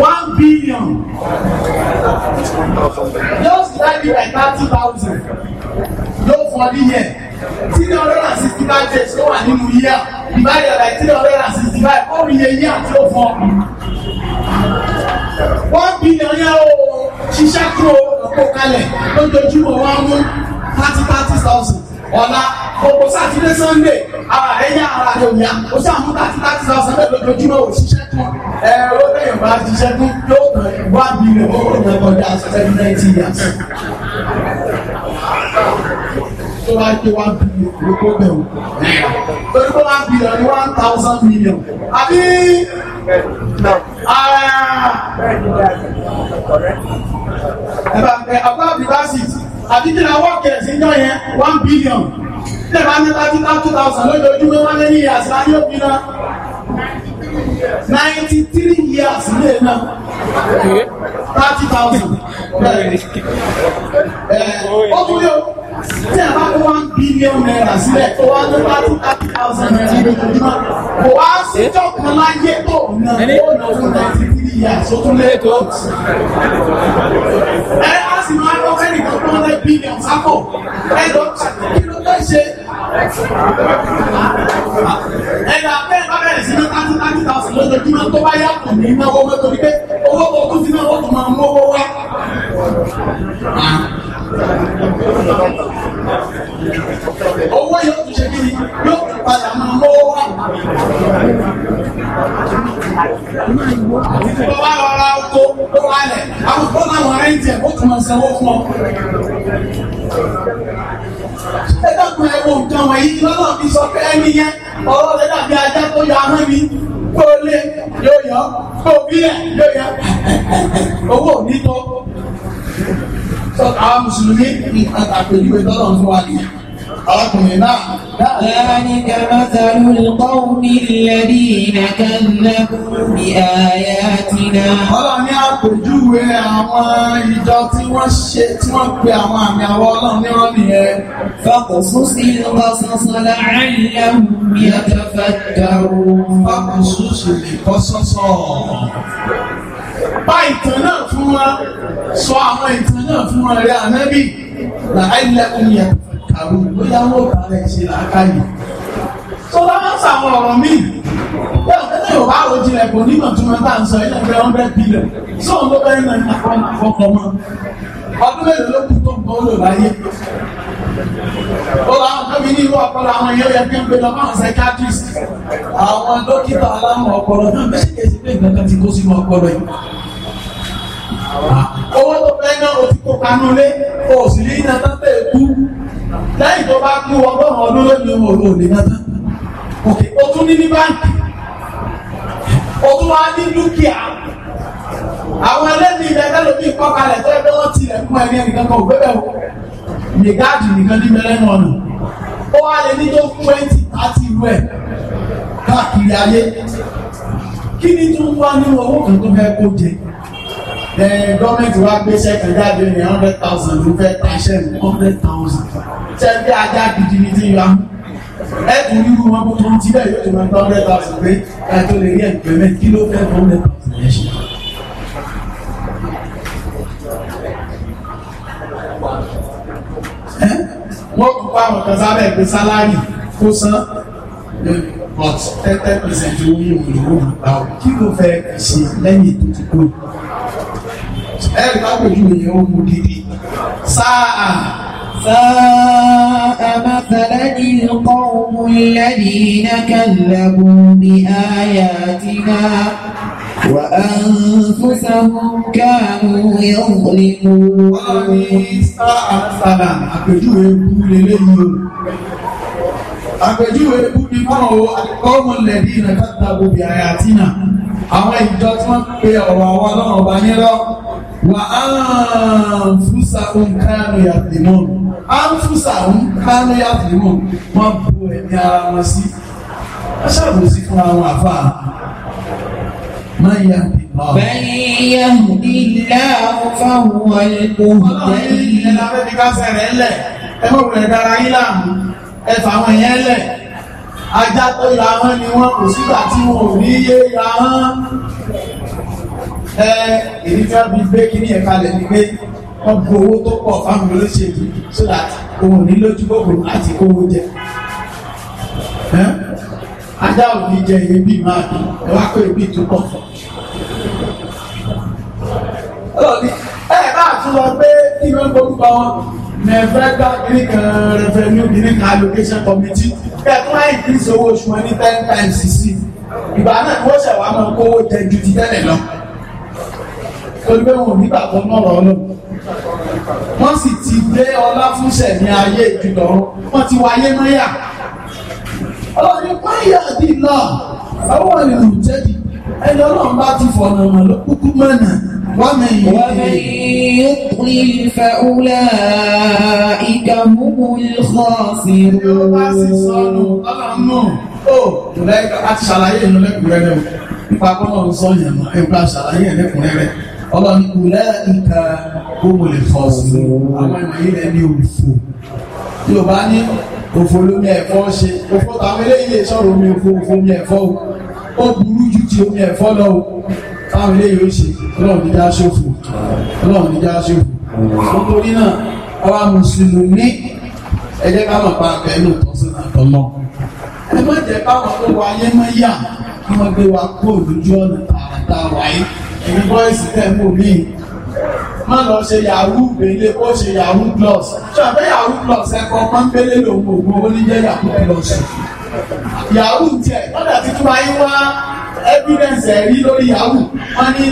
one billion just like the like thirty thousand ló fọ́ ní yẹn three hundred and sixty five days ló wà nínú yíyá divided by three hundred and sixty five ó rí eyín àti òfò. one billion yẹn o ṣiṣẹ́ kúrò ọ̀pọ̀ kalẹ̀ lójoojúmọ́ wa mú thirty thirty thousand ọ̀la gbogbo sátidé sunday ara rẹ̀ yá ara rẹ̀ òyà ó ṣàmú thirty thirty thousand bẹ́ẹ̀ lójoojúmọ́ ò ṣiṣẹ́ tán ẹ̀rọ lẹ́yìn bá ṣiṣẹ́ tán yóò tàn wá bí rẹ̀ ó rẹ̀ kọjá seventy years tó bá jẹ́ one billion ló kó bẹ̀rù torí pé one billion ni one thousand million àbí àbá ah, àbíbásí àbí kí ni àwọn kẹ̀sì ń jọ yẹn one billion ní ẹ̀bá ní thirty two thousand lójoojúmọ́ wọn lé ní ìyàsí láyé òbí náà ninety three years lé náà thirty thousand. ó tún yóò tí ẹ bá one billion naira sílẹ̀ tó wá tó thirty thousand naira lójoojúmọ́ kò wá síjọ́ kan láyé tó na ó na fún ninety three years ó tún lé tó. ẹ á sì máa lọ fẹ́ nìkan tó lé billion sápò ẹ lọ kí ló fẹ́ ṣe. ẹ yà bẹ́ẹ̀ bá bẹ̀rẹ̀ sí ní thirty thirty thousand lójoojúmọ́ tó bá yàtọ̀ ní náwó mọ́tò ní pé owó kò tún ti náà wọ́n tún máa mọ́wọ́ wá owó yóò tún ṣe kíni yóò tún padà máa mọ́ wá. Bọ́ bá lọ ra oko tó wà lẹ̀, àwọn tó náà wọ̀n rẹ́ǹtì ẹ̀ ó tún máa sanwó fún ọ. Ẹ dákun ẹ wo nǹkan wọ̀nyí lọ́nà fi sọ pé ẹni yẹn ọ̀rọ̀ rẹ̀ dàbí ajá tó yọ ahọ́n mi kó lé yóò yọ kó bílẹ̀ yóò yọ owó ò ní tó àwọn mùsùlùmí àpèjúwe tọ́lọ̀ fún wa nìyẹn arákùnrin náà. ذلك مثل القوم الذين كذبوا بآياتنا. Ọlọ́run ní àpèjúwe àwọn ìjọ tí wọ́n ṣe tí wọ́n pe àwọn àmì àwọn ọlọ́run ní wọ́n nìyẹn. فاقصص القصص لعلهم يتفكرون. فاقصص القصص pa ìtàn náà fún wa sọ àwọn ìtàn náà fún wa rẹ ànábì làálẹ́kùn yẹn kàwé bóyá wọ́n bá rẹ̀ ṣe làákàyè. sọlá máa ń sàwọn ọ̀rọ̀ míì yóò tẹ́lẹ̀ yóò bá wo jinlẹ̀ kò nímọ̀ tí wọ́n bá ń sọ ilẹ̀ bẹ́ẹ̀ hundred billion sóun ló bẹ́ẹ̀ náà nàkọ́ nàkọ́kọ́ mọ́ ọdún mélòó ló kù tó ń bọ́ ó lò láyé. ó láwọn tóbi ní irú ọpọlọ àwọn yóò yẹ kí n pe lọ́mọ àwọn psychiatrist àwọn dókítà aláwọ̀ ọpọlọ náà bẹ́ẹ̀ ṣe kéṣe pé nǹkan kan ti kó sínú ọpọlọ yìí owó tó fẹ́ náà o ti kó kanú lé o sì ní iná tán tẹ̀ kú lẹ́yìn tó bá kú ọgọ́rùn-ún ọdún lónìí o ò lè náà tán òkè o tún ní ní báńkì o tún wá ní dúkìá àwọn ẹlẹ́ni ilẹ̀ ẹgbẹ́ lómi kọ́kalẹ̀ tó ẹgbẹ́ wọn tilẹ̀ fún ẹgbẹ́ nìkan kan òbẹ́bẹ̀ o ní gáàdì nìkan ní mẹlẹ́nu ọ̀nà ó wá lè ní tó twenty thirty rẹ̀ káàkiri ayé kí ni tó ń wá nínú owó kan tó fẹ́ kó jẹ then gọ́ọ̀mẹ̀ntì wa gbéṣẹ́ kan jáde ní hundred thousand ló fẹ́ taṣẹ́ ní hundred thousand ṣe bí ajá gidi ní ti ya ẹ kò rí irú wọn kó tó ń ti bẹ́ẹ̀ yóò tó máa ń tọ́ hundred thousand pé ká tó lè rí ẹ̀gbẹ́mẹ́ kí ló fẹ́ fún hundred thousand yẹn ṣe. wọ́n kó pa àwọn kan sábẹ́ pé sálárì kó san but ten ten percent owó yìí òun lòun àgbà kí ló fẹ́ ṣe lẹ́yìn tó ti kúrò ẹ̀rí lápẹ̀jú èèyàn ó mú dídì sáà. ساء مثلا القوم الذين كذبوا بآياتنا وأنفسهم كانوا يظلمون àpèjúwe búbi fọ́nà o àkọ́mù lẹ́bí ìrìnàkátà gbogbo àyàtínà àwọn ìjọ tí wọ́n pe ọ̀rọ̀ àwọn ọlọ́run ọba nírọ́ wà á fúnṣà òǹkàánú yàtìmọ́ á fúnṣà òǹkàánú yàtìmọ́ wọ́n bu ẹ̀mí ara wọn sí aṣáàbòsí fún àwọn àfáà máa ń yà Bẹ́ẹ̀yẹ̀ ìlà fáwọn ẹ̀kọ́. Ọlọ́run yìí ni ẹ̀lá fẹ́ fi ká sẹ̀rẹ̀ lẹ̀, ẹ mọ̀ wùlẹ̀ dára yín láàmú, ẹ fà àwọn èèyàn lẹ̀. Ajá tó ìlà wọn ni wọn kò sígbà tí wọn ò ní yé ìlà wọn ẹ èyí tí wọ́n fi gbé kíní ẹ̀ka lẹ̀ ní pé wọ́n bu owó tó pọ̀ fáwọn olóṣèlú so that òun ní lójú gbogbo láti kówó jẹ ajá ò ní jẹ ebi máa bí ẹ wá pé ebi tó pọ̀ fún ẹ bá tún lọ pé kí ló ń gbórúkọ wọn nẹ̀fẹ́gbà gíríkan revenue gíríkan allocation committee kẹ́kún láì kí ìṣòwò oṣù wọn ní ten times sí ìgbà náà wọ́n ṣẹ̀wá máa kówó jẹ ju ti tẹ́lẹ̀ lọ torí pé wọn ò nígbà tó nọ̀rọ̀ ọ̀run wọ́n sì ti gbé ọlá fúnṣẹ̀ ní ayé ìjùlọ wọ́n ti wáyé mọ́yà ọlọ́ni mọ́yà dì lọ àwọn ìlú jẹ́bi ẹni ọlọ́run bá ti fọ̀nà mọ̀ ló kúkú mọ̀nà wọ́n mi yìí. wọ́n mi yìí pín ìfẹ́ òwúlẹ̀ ìdààmú ìkọ́ sí i. yóò bá sì sọnù ọlọ́run mọ̀ ó lẹ́ka àti ṣàlàyé ìlú lẹ́kùnrẹ́rẹ́ o nípa kọ́nà ọ̀sán yẹn mọ̀ ẹ̀ka ṣàlàyé ìlẹ́kùnrẹ́rẹ́ ọlọ́run kùlẹ̀ ìka gómìnà fọ̀ọ̀sì àwọn ìwọ̀nyí rẹ̀ ní o yóò bá o òfò lómi ẹ̀fọ́ ṣe òfò tàwọn eléyìí sọ̀rọ̀ omi òfò òfò omi ẹ̀fọ́ o ó burú ju ti omi ẹ̀fọ́ lọ o táwọn eléyìí ó ṣe ọlọ́run ní já ṣòfò ọlọ́run ní já ṣòfò nítorí náà ọba mùsùlùmí ẹ jẹ́ ká mọ̀ pa abẹ́lò tọ́sínà tọ́lọ́ ẹ má jẹ́ káwọn tó wáyé mọ́ yà kí wọ́n gbé wa kó lójú ọ̀nà tààràtà wáyé ìfọ́ìsì tẹ́kù mi má lọ ṣe yahoo gbélé kó ṣe yahoo plus ṣàbẹ́ yahoo plus ẹ̀kọ́ pọ́npélé lòun ògùn ó ní jẹ́ yahoo plus yahoo tiẹ̀ lọ́dà tuntun ayé wá evidence ẹ̀rí lórí yahoo wọ́n ní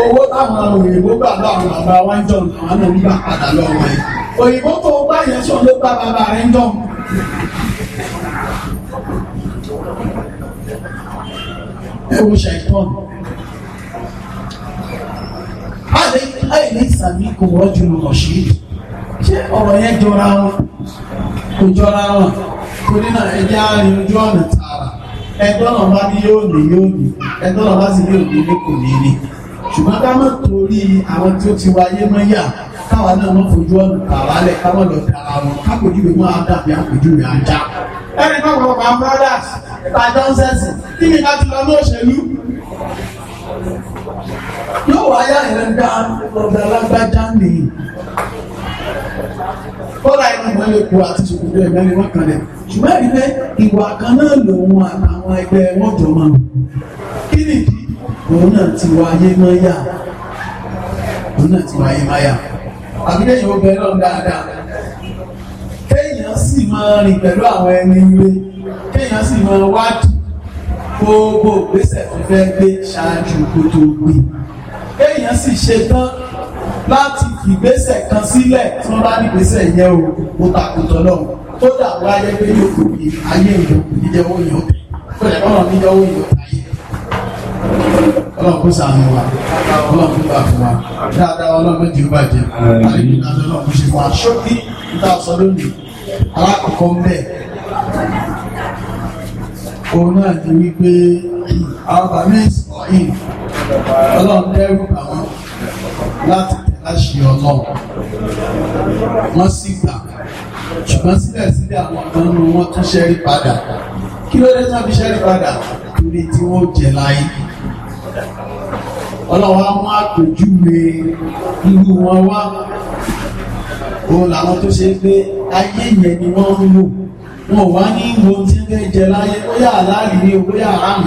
owó táwọn òyìnbó gbà lọ àwọn bàbá wa ń jọ àwọn náà ń gbà padà lọ́wọ́ ẹ̀ òyìnbó tó gbà yẹn sọ ló gbà bàbá rẹ̀ ń jọ ẹ wo ṣàìtọ́nù àlẹ́ àìlẹ́ ìsàmì kò rọ́jò lọ ṣe é ṣé ọ̀rọ̀ yẹn jọra wọn kò jọra wọn torí náà ẹjẹ́ àárín ojú ọ̀nà tààrà ẹgbọ́n náà bá ní yóò ní yóò ní ẹgbọ́n náà bá sì ní òní ní kò ní ní ṣùgbọ́n ká má torí àwọn tí ó ti wáyé mọ́ yà káwa náà má fojú ọ̀nà tààrà lẹ̀ káwọn lọ dára wọn kápòjúwe máa dàbí àpòjúwe ajá ẹni náà wọ́n máa yóò wáyà yẹn dá ọ̀dà alágbájá nìyí kọ́lá ẹni wọn lè kó àti ṣòkòtò ẹ̀dá ni wọ́n kalẹ̀ ṣùgbọ́n kan náà lòun àtàwọn ẹgbẹ́ wọn jọ máa wù kí nìdí náà ti wáyé máyà òun náà kéèyàn sì máa rìn pẹ̀lú àwọn kéèyàn sì máa gbogbo tó fẹ́ gbé ṣáájú kéèyàn sì ṣetán láti fìgbésẹ̀ kan sílẹ̀ tí wọ́n bá ní ìgbésẹ̀ yẹn o mo takùtọ̀ náà ó dà wọ́n ayé pé yóò kò bí ayé ìlú níjẹ́wó yóò kò lè kọ́nà níjẹ́wó yóò ayé ọlọ́run kó sàánú wa ọlọ́run kó gbà fún wa dáadáa ọlọ́run ti bàjẹ́ àlejò náà lọ́run kó ṣe fún wa ṣókí níta sọ lónìí alákọ̀ọ́kọ́ ń bẹ̀ òun náà ti wí àwọn bàbá mi sọ̀rọ̀ ọlọ́run dẹ́rù bà wọ́n láti tẹ̀láṣẹ ọlọ́run wọ́n sì gbà ṣùgbọ́n síbẹ̀síbẹ̀ àwọn kan ní wọ́n tún ṣẹ́rí padà kí ló dé tán fi ṣẹ́rí padà torí tí wọ́n jẹ láyé ọlọ́run á mú àpèjúwe irú wọn wá òun làwọn tó ṣe pé ayé yẹn ni wọ́n ń lò wọn ò wá ní ìwọ̀n tí ń fẹ́ jẹ láyé ó yà láàrin ní owó yà áàmì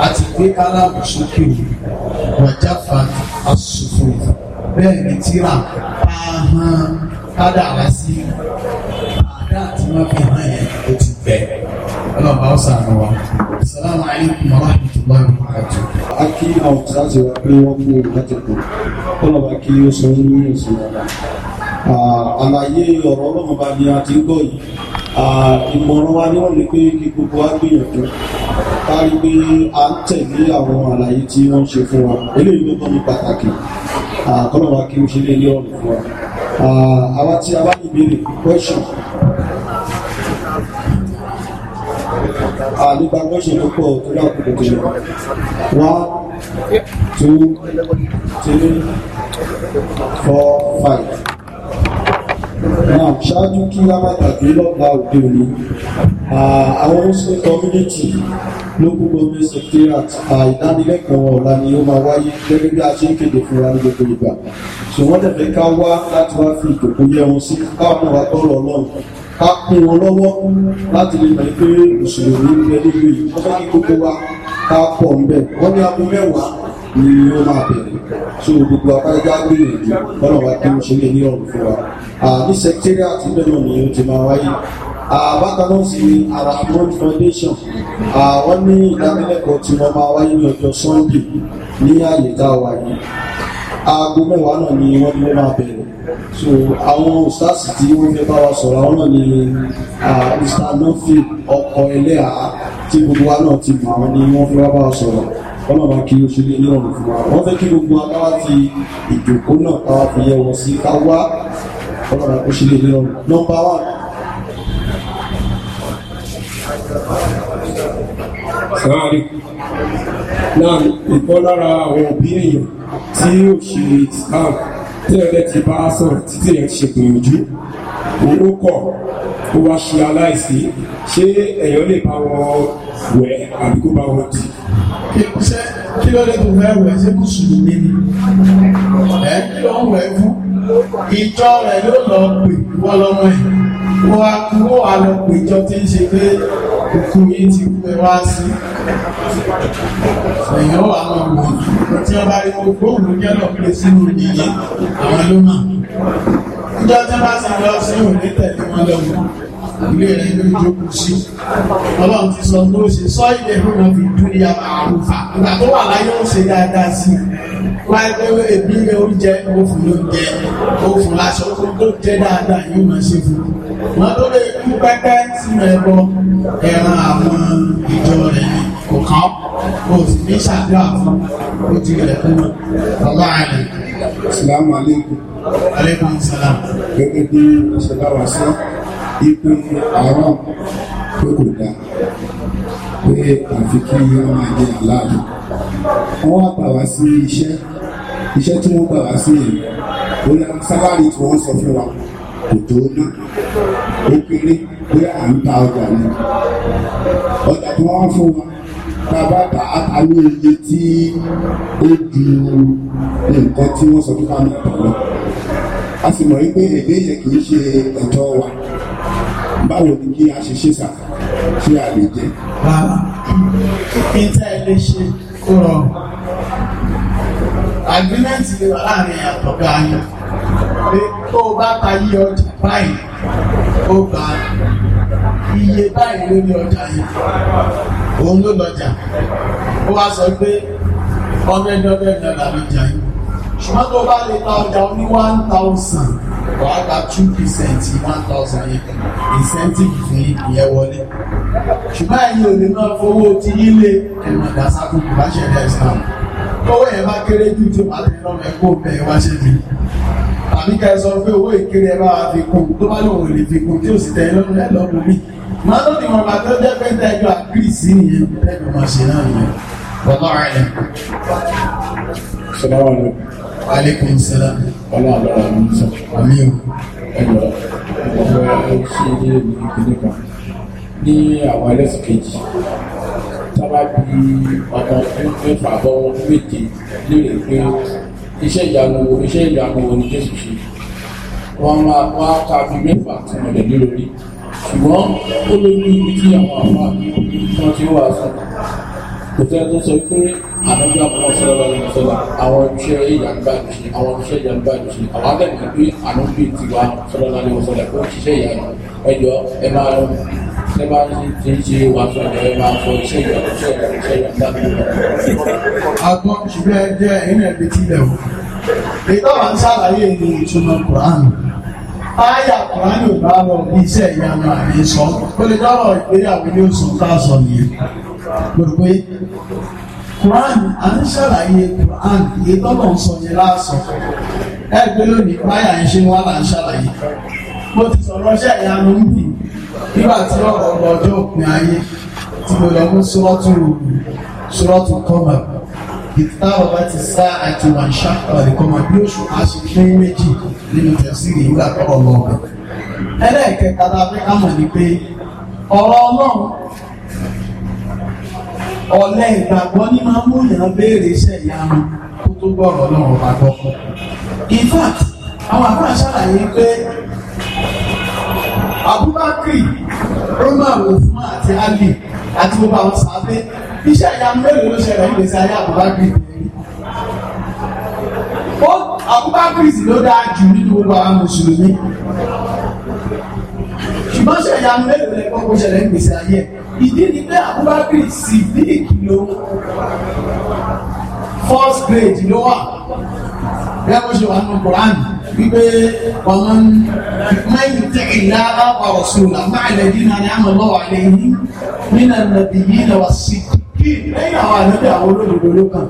àti gbé kálámù sókè wàjáfa asòfò bẹ́ẹ̀ ni tíra bá hàn kádàrá sí àdá àti wọ́n fi hàn yẹn ó ti gbẹ ọlọ́ba ọ̀sán ni wa. Assalamu alaikum wa rahmatullahi wa barakatuh. A kí àwọn tí ti wá pé wọ́n mú ìdájọ́ kan, ọlọ́ba kí ó sọ ní ìsìn ọ̀la àlàyé ọ̀rọ̀ ọlọ́run bá ní àti gbọ́ yìí ìmọ̀ràn wa ni wọ́n lè pé kí gbogbo wa gbìyànjú kárí pé a ń tẹ̀lé àwọn àlàyé tí wọ́n ṣe fún wa eléyìí ló tọ́ni pàtàkì àkọlọ́wà kí ó ṣe lé ní ọ̀rọ̀ fún wa àwa tí a bá ní ìbéèrè question nípa question tó pọ̀ tó dá òkú tó lọ one two three four five náà ṣáájú kí lábàtàgbé lọ́gbà òde òní àwọn muslim community lókùn gbogbo secretariat ìdánilẹ́kọ̀ọ́ ọ̀la ni ó máa wáyé gẹ́gẹ́ bí a ṣe ń kéde fúnra ní gbogbo ìgbà so wọ́n tẹ̀fẹ́ ká wá láti wá fi ìjòkó yẹ wọn sí káwọn wa tọ́lọ̀ ọlọ́run ká kún wọn lọ́wọ́ láti lè mọ̀ pé mùsùlùmí ń bẹ nílùú yìí wọ́n fẹ́ kí gbogbo wa ká pọ̀ ń bẹ̀ wọ́n ní aago mẹ́wàá ni ó máa bẹ̀rẹ̀ so gbogbo apáyéjá gbìyànjú lọ́nà wa kí wọ́n ṣe lè ní ọ̀rùn fún wa ní secretariat lẹ́nu ni ó ti máa wáyé bákan náà sí arahman foundation wọ́n ní ìdánilẹ́kọ̀ọ́ tí wọ́n máa wáyé ní ọjọ́ sunday ní àyè tá a wà yìí aago mẹ́wàá náà ni wọ́n ní wọ́n máa bẹ̀rẹ̀ so àwọn ustaasi tí wọ́n fẹ́ bá wa sọ̀rọ̀ àwọn náà ni mr ọkọ̀ ẹlẹ́à tí gbogbo wa náà ti mọ̀ àwọn ni wọ́n fẹ́ bá wa sọ̀rọ̀ ọlọ́ba kí o ṣe lé lọ́rùn fún wa wọ́n fẹ́ kí gbogbo akáwá ti ìjòkó náà káwá fi yẹ wọ́n sí káwá ọlọ́ba kó ṣe lé lọ́rùn nọ́mbà wà. sáárì náà ìkọ́ lára àwọn òbí èèyàn tí yóò ṣe islam tí ẹ̀rẹ́ ti bá sọ̀rọ̀ títí ẹ̀ ṣe gbìyànjú òun kọ̀ ó wá ṣe aláìsí ṣé ẹ̀yọ́ lè bá wọn wẹ̀ àbí kó bá wọn dì. ṣé kí ló dé tó fẹ́ wẹ̀ ṣé mùsùlùmí ni ẹ kí ló ń wẹ̀ fún ìjọ rẹ̀ yóò lọ pè wọ́n lọ́mọ ẹ̀ wọ́n á kú wọ́n á lọ pè jọ tí ń ṣe pé òkú yìí ti pẹ́ wá sí èèyàn wà lọ wọ̀ tí wọ́n bá rí gbogbo òun jẹ́ lọ pé sínú nìyẹn àwọn ló mà níjọ́ tí wọ́n bá ti lọ sí òun ní tẹ̀lé wọn lọ́wọ́ ilé rẹ̀ ló jókòó sí ọlọ́run ti sọ tó ṣe sọ ilẹ̀ ìrìnà fi dúnìyà àrùfà nígbà tó wà láyé ó ṣe dáadáa sí láì pé ebi rẹ̀ ó jẹ òfin ló jẹ òfin láṣọ tó tó jẹ dáadáa yóò máa ṣe fún un wọn tó lè kú pẹ́pẹ́ sínú ẹbọ ẹran àwọn ìjọ rẹ̀ kò kán kò sì ní ṣàdúrà fún ó ti rẹ̀ fún ọlọ́ àlẹ́. Assalamu alaikum. Alaikum salam. Gẹ́gẹ́ bí ọ̀sẹ̀ láwàá sí ipe ara pé kò dá pé àfi kí wọ́n máa jẹ aláàbò wọ́n wá gbà wá sí iṣẹ́ iṣẹ́ tí wọ́n gbà wá sí yìí ó ní sáláàrì tí wọ́n sọ fún wa kò tó ná ó kéré pé à ń ta ọjà ni ọjà tí wọ́n fún wa tá a bá ta àtàlú iye tí ó ju nǹkan tí wọ́n sọ fún wa náà tọ̀ lọ a sì mọ̀ wípé èdè yẹn kì í ṣe ẹ̀tọ́ wa báwo ni kí a ṣe ṣe sà ṣé a lè jẹ. rárá peter ilé ṣe kó rọrùn agreement ni wà láàrin àtọ̀gá yẹn pé tó o bá ta yí ọjà báyìí ó gba iye báyìí lórí ọjà yẹn òun ló lọjà ó wá sọ pé ọdẹ dọdẹ dọdà yẹn ṣùgbọ́n tó bá lè ta ọjà ní one thousand wàá gba two percent one thousand incentive fún ìyẹn wọlé ṣùgbọ́n ẹ̀yin ò lè máa fowó tí yín lé ẹ̀mọ̀ ìdásàkùnkù bá ṣẹlẹ̀ islam owó yẹn bá kéré jù tí wàá lè lọ́mọ ẹ̀kọ́ bẹ́ẹ̀ wá ṣe mi tàbí ká ẹ sọ pé owó ìkéré ẹ bá wa fi kún tó bá lòun ò lè fi kún tí ò sì tẹ̀ ẹ́ lọ́rùn ẹ̀ mi màá lónìí wọn bàtọ́ jẹ́ pé tẹ́jọ́ àgbìrì sí nìyẹn tẹ́jọ́ máa náà nìyẹn. والله أعلم السلام عليكم وعليكم السلام ولا لا àmín ẹgbẹ́ ṣe ní ìpínlẹ̀ kan ní àwọn ẹlẹ́sìn kejì tábà bí ọmọ mẹ́fà bọ́ méje léèrè pé iṣẹ́ ìyanu wo iṣẹ́ ìyanu wo ni Jésù ṣe wọ́n máa wá ká bí mẹ́fà tí wọ́n lè lórí ṣùgbọ́n ó lórí ibi tí àwọn àwọn àbí wọ́n ti wà sọ́kàn kò tẹ́ tó sọ pé ànájú àbúrò sọ̀rọ̀ lọ́wọ́ sọ̀rọ̀ àwọn iṣẹ́ ìyàgbá jù àwọn iṣẹ́ ìyàgbá jù àwọn akẹ́kọ̀ọ́ pé ànájú tiwa sọ̀rọ̀ lọ́wọ́ sọ̀rọ̀ kó ṣiṣẹ́ ìyàgbá ẹjọ́ ẹ máa lọ ẹ bá ti ń ṣe wàásù ẹ̀jọ̀ ẹ máa fọ iṣẹ́ ìyàgbá iṣẹ́ ìyàgbá iṣẹ́ ìyàgbá. àgbọn ṣùgbọ́n ẹ jẹ́ ẹ̀yìn ẹ̀bí tilẹ̀ wò ìtọ́wà ń ṣàlàyé ní ìtumọ̀ kùránù Aya kùránù bá lọ bí iṣẹ́ ìyanu àmì ó lè dọ́rọ̀ ìgbéyàwó ní oṣù ká sọ nìyẹn gbogbo Quran à ń ṣàlàyé Quran èyí tọ́lọ̀ ń sọ yẹn láàsọ ẹ gbé lónìí báyà ń ṣe wọn là ń ṣàlàyé mo ti sọ̀rọ̀ ṣẹ́ ìyanu ń bì nígbà tí ọ̀rọ̀ ọlọ́jọ́ òpin ayé tí mo lọ mú sọ́ọ́tù sọ́ọ́tù kọ́mà ìta ọba ti sá àti wà ń ṣàkọọ̀lì kọ́mà bí oṣù aṣèpín méjì nínú tẹ̀síìlì nígbà tọ́rọ̀ lọ́ọ̀bà ẹlẹ́ẹ̀kẹta tá a fẹ́ ká mọ̀ ni pé ọ̀rọ̀ Ọlọ́run ọ̀lẹ ìgbàgbọ́ ní máa mú èèyàn béèrè iṣẹ́ ìyanu kó tó gbọ́rọ̀ náà ọba gbọ́kọ́ in fact àwọn àbúrò ṣàlàyé pé Abubakar Umar Usman àti Ali àti gbogbo àwọn sàábé iṣẹ́ ìyanu mélòó ló ṣẹlẹ̀ nígbèsí ayé Abubakar ó Abubakar ló dáa jù nínú gbogbo àwọn mùsùlùmí ṣùgbọ́n ṣẹ̀yà mélòó lẹ́kọ́ kó ṣẹlẹ̀ ń gbèsè ayé ìdí ni pé Abubakar Siddiq ló first grade ló wà bí a kò ṣe wà nù Quran wípé ọmọ mẹ́yìn tẹ̀kìlá àwọn ọ̀ṣun làmọ́ àlẹ́dí náà ni àmọ́ lọ́wọ́ àlẹ́ yìí nínú ẹ̀nàbí yìí náà sí kí lẹ́yìn àwọn àlẹ́bí àwọn olódodo ló kàn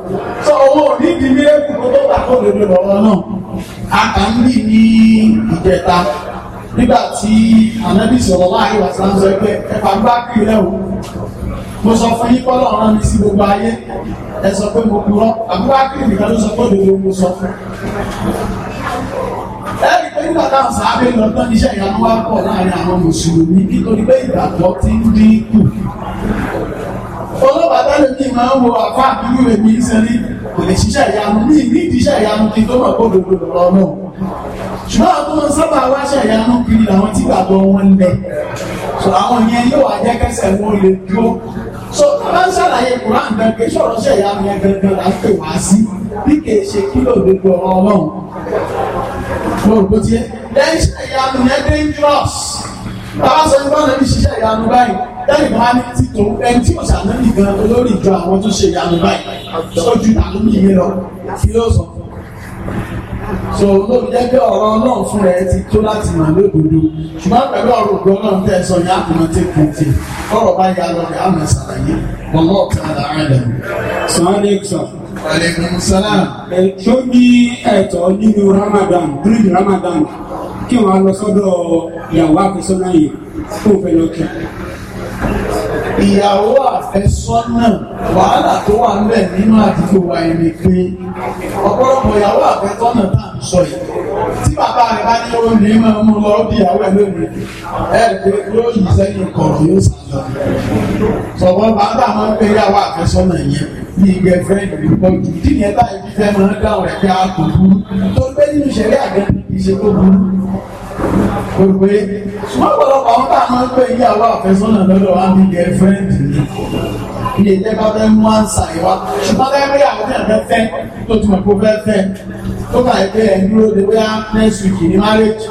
sọ owó onídìí mẹ́kùn tó bá kó lódodo lọ́wọ́ náà a ìjẹta nígbà tí ànábì sọ̀rọ̀ láàyè wà sáà ń sọ pé ẹ̀fà gbá kì í lẹ́wọ̀ mo sọ fún yín kọ́lọ̀ ọ̀ràn mi sí gbogbo ayé ẹ sọ pé mo kúrọ́ àbúrò akéwì nìkan ló sọ pé òdodo mo sọ fún ẹ̀rí pé nígbà táwọn sàábé lọ tán iṣẹ́ ìyanu wá pọ̀ láàrin àwọn mùsùlùmí nítorí pé ìgbàgbọ́ ti ń dín kù olóbàtà lè ní ìmọ̀ wo àfáà nínú èmi ń sẹ́ni kò lè ṣiṣẹ́ ìyanu ní ìdí ìyanu kí tó mọ̀ kó dodo lọ́nà ṣùgbọ́n àwọn tó ń sábà wá ṣẹ̀yánú kiri làwọn tí gbàgbọ́ wọn lẹ̀ so àwọn yẹn yóò wá jẹ́ kẹsẹ̀ wọn lè dúró so bá ń ṣàlàyé Quran gbẹ̀gbẹ̀ sọ̀rọ̀ ṣẹ̀yánú yẹn gbẹ̀gbẹ̀ là ń pè wá sí bí kì í ṣe kílò gbogbo ọ̀rọ̀ Ọlọ́run mo rò bó ti yẹ lẹ́yìn ṣẹ̀yánú yẹn dangerous báwa sọ nípa ọ̀nà bí ṣiṣẹ́ ìyanu báyìí lẹ́yìn bá ní títò ẹni tí mo ṣàlẹ́ nìkan olórí ìjọ àwọn tó ṣe ìyanu báyìí sọ́jú àlùmí mi lọ kí ló sọ fún un so lóbi jẹ́ pé ọ̀rọ̀ ọlọ́run fún ẹ ti tó láti mà lódodo ṣùgbọ́n pẹ̀lú ọ̀rọ̀ ògbọ́n náà tẹ̀ sọ yá àtúmọ̀ tí kò tì ọ̀rọ̀ bá yà lọ àmì ṣàlàyé wọn lọ́ọ̀ kan ara rẹ̀. sàlẹ́kùsọ̀. aleykum salaam. ẹ tó ní ẹ̀tọ́ nínú Ramadan during Ramadan kí wọn lọ sọ́dọ̀ ìyàwó àfẹsọ́nà yìí fún òfin lọ́kẹ́ ìyàwó àfẹ́sọ́nà wàhálà tó wà ń bẹ nínú àdúgbò wa ẹni pé ọ̀pọ̀lọpọ̀ ìyàwó àfẹ́sọ́nà tá à ń sọ yìí tí bàbá rẹ̀ bá ní ó ní máa mú lọ bí ìyàwó ẹ̀ lónìí ẹ̀ pé yóò yìí sẹ́yìn kọ̀ọ̀rọ̀ yóò sàlọ. sọ̀rọ̀ bàbá máa ń pe ìyàwó àfẹ́sọ́nà yẹn ní ìgbẹ́ fẹ́ẹ̀dì púpọ̀ jù kí ni ẹ báyìí fífẹ́ máa ń dáhùn ẹ̀ kò pé ṣùgbọ́n ọ̀pọ̀lọpọ̀ àwọn tá a máa ń pè ìyàwó àfẹ́sọ́nà lọ́dọ̀ wa ní gẹ̀ fẹ́ǹdì ní ilé tẹ́ bá fẹ́ mú àǹsà ìwá ṣùgbọ́n tẹ́ bí àwọn tí àfẹ́ fẹ́ tó ti mọ̀ kó fẹ́ fẹ́ tó kà é pé ẹ̀ ń dúró de bóyá next week ní marriage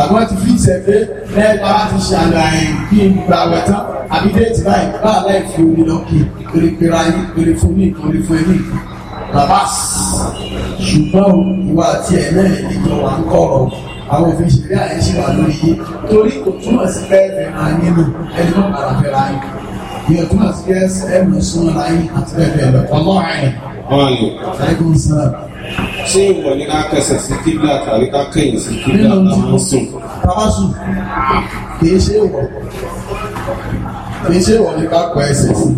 àgbọn ti fi ìṣẹ̀fẹ́ lẹ́ẹ̀ta láti ṣàlàyé kí n gba àwẹ̀ tán àbí déètì báyìí báà láì fi omi lọ kí pèrèpèrè ayé pèrè fún mi pèrè fún ẹni nǹkan rabas ṣùgbọ́n ìwà àti ẹ̀ náà ìjọ wa ń kọ̀rọ̀ àwọn òfin ṣẹlẹ̀ àìṣe wà lórí yìí torí kò túmọ̀ sí pé ẹ̀fẹ̀ máa nínú ẹni tó bára fẹ́ ra yìí ìyẹn túmọ̀ sí pé ẹ̀mọ̀ súnmọ́ ra yìí àti bẹ́ẹ̀ bẹ́ẹ̀ lọ. ọlọ́run ọ̀nì. ṣáìkún sáà. ṣé ìwọ ni ká kẹsẹ̀ sí kíbla tàbí ká kẹ̀yìn sí kíbla táwọn sùn. táwọn sùn kì í ṣe ìwọ kì í ṣe ìwọ ni ká kọ ẹsẹ̀ sí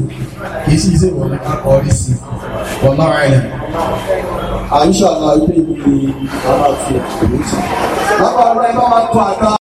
kì í ṣe ìwọ ni ká kọ orí sí. والله أعلم إن شاء الله يبين لي أنا في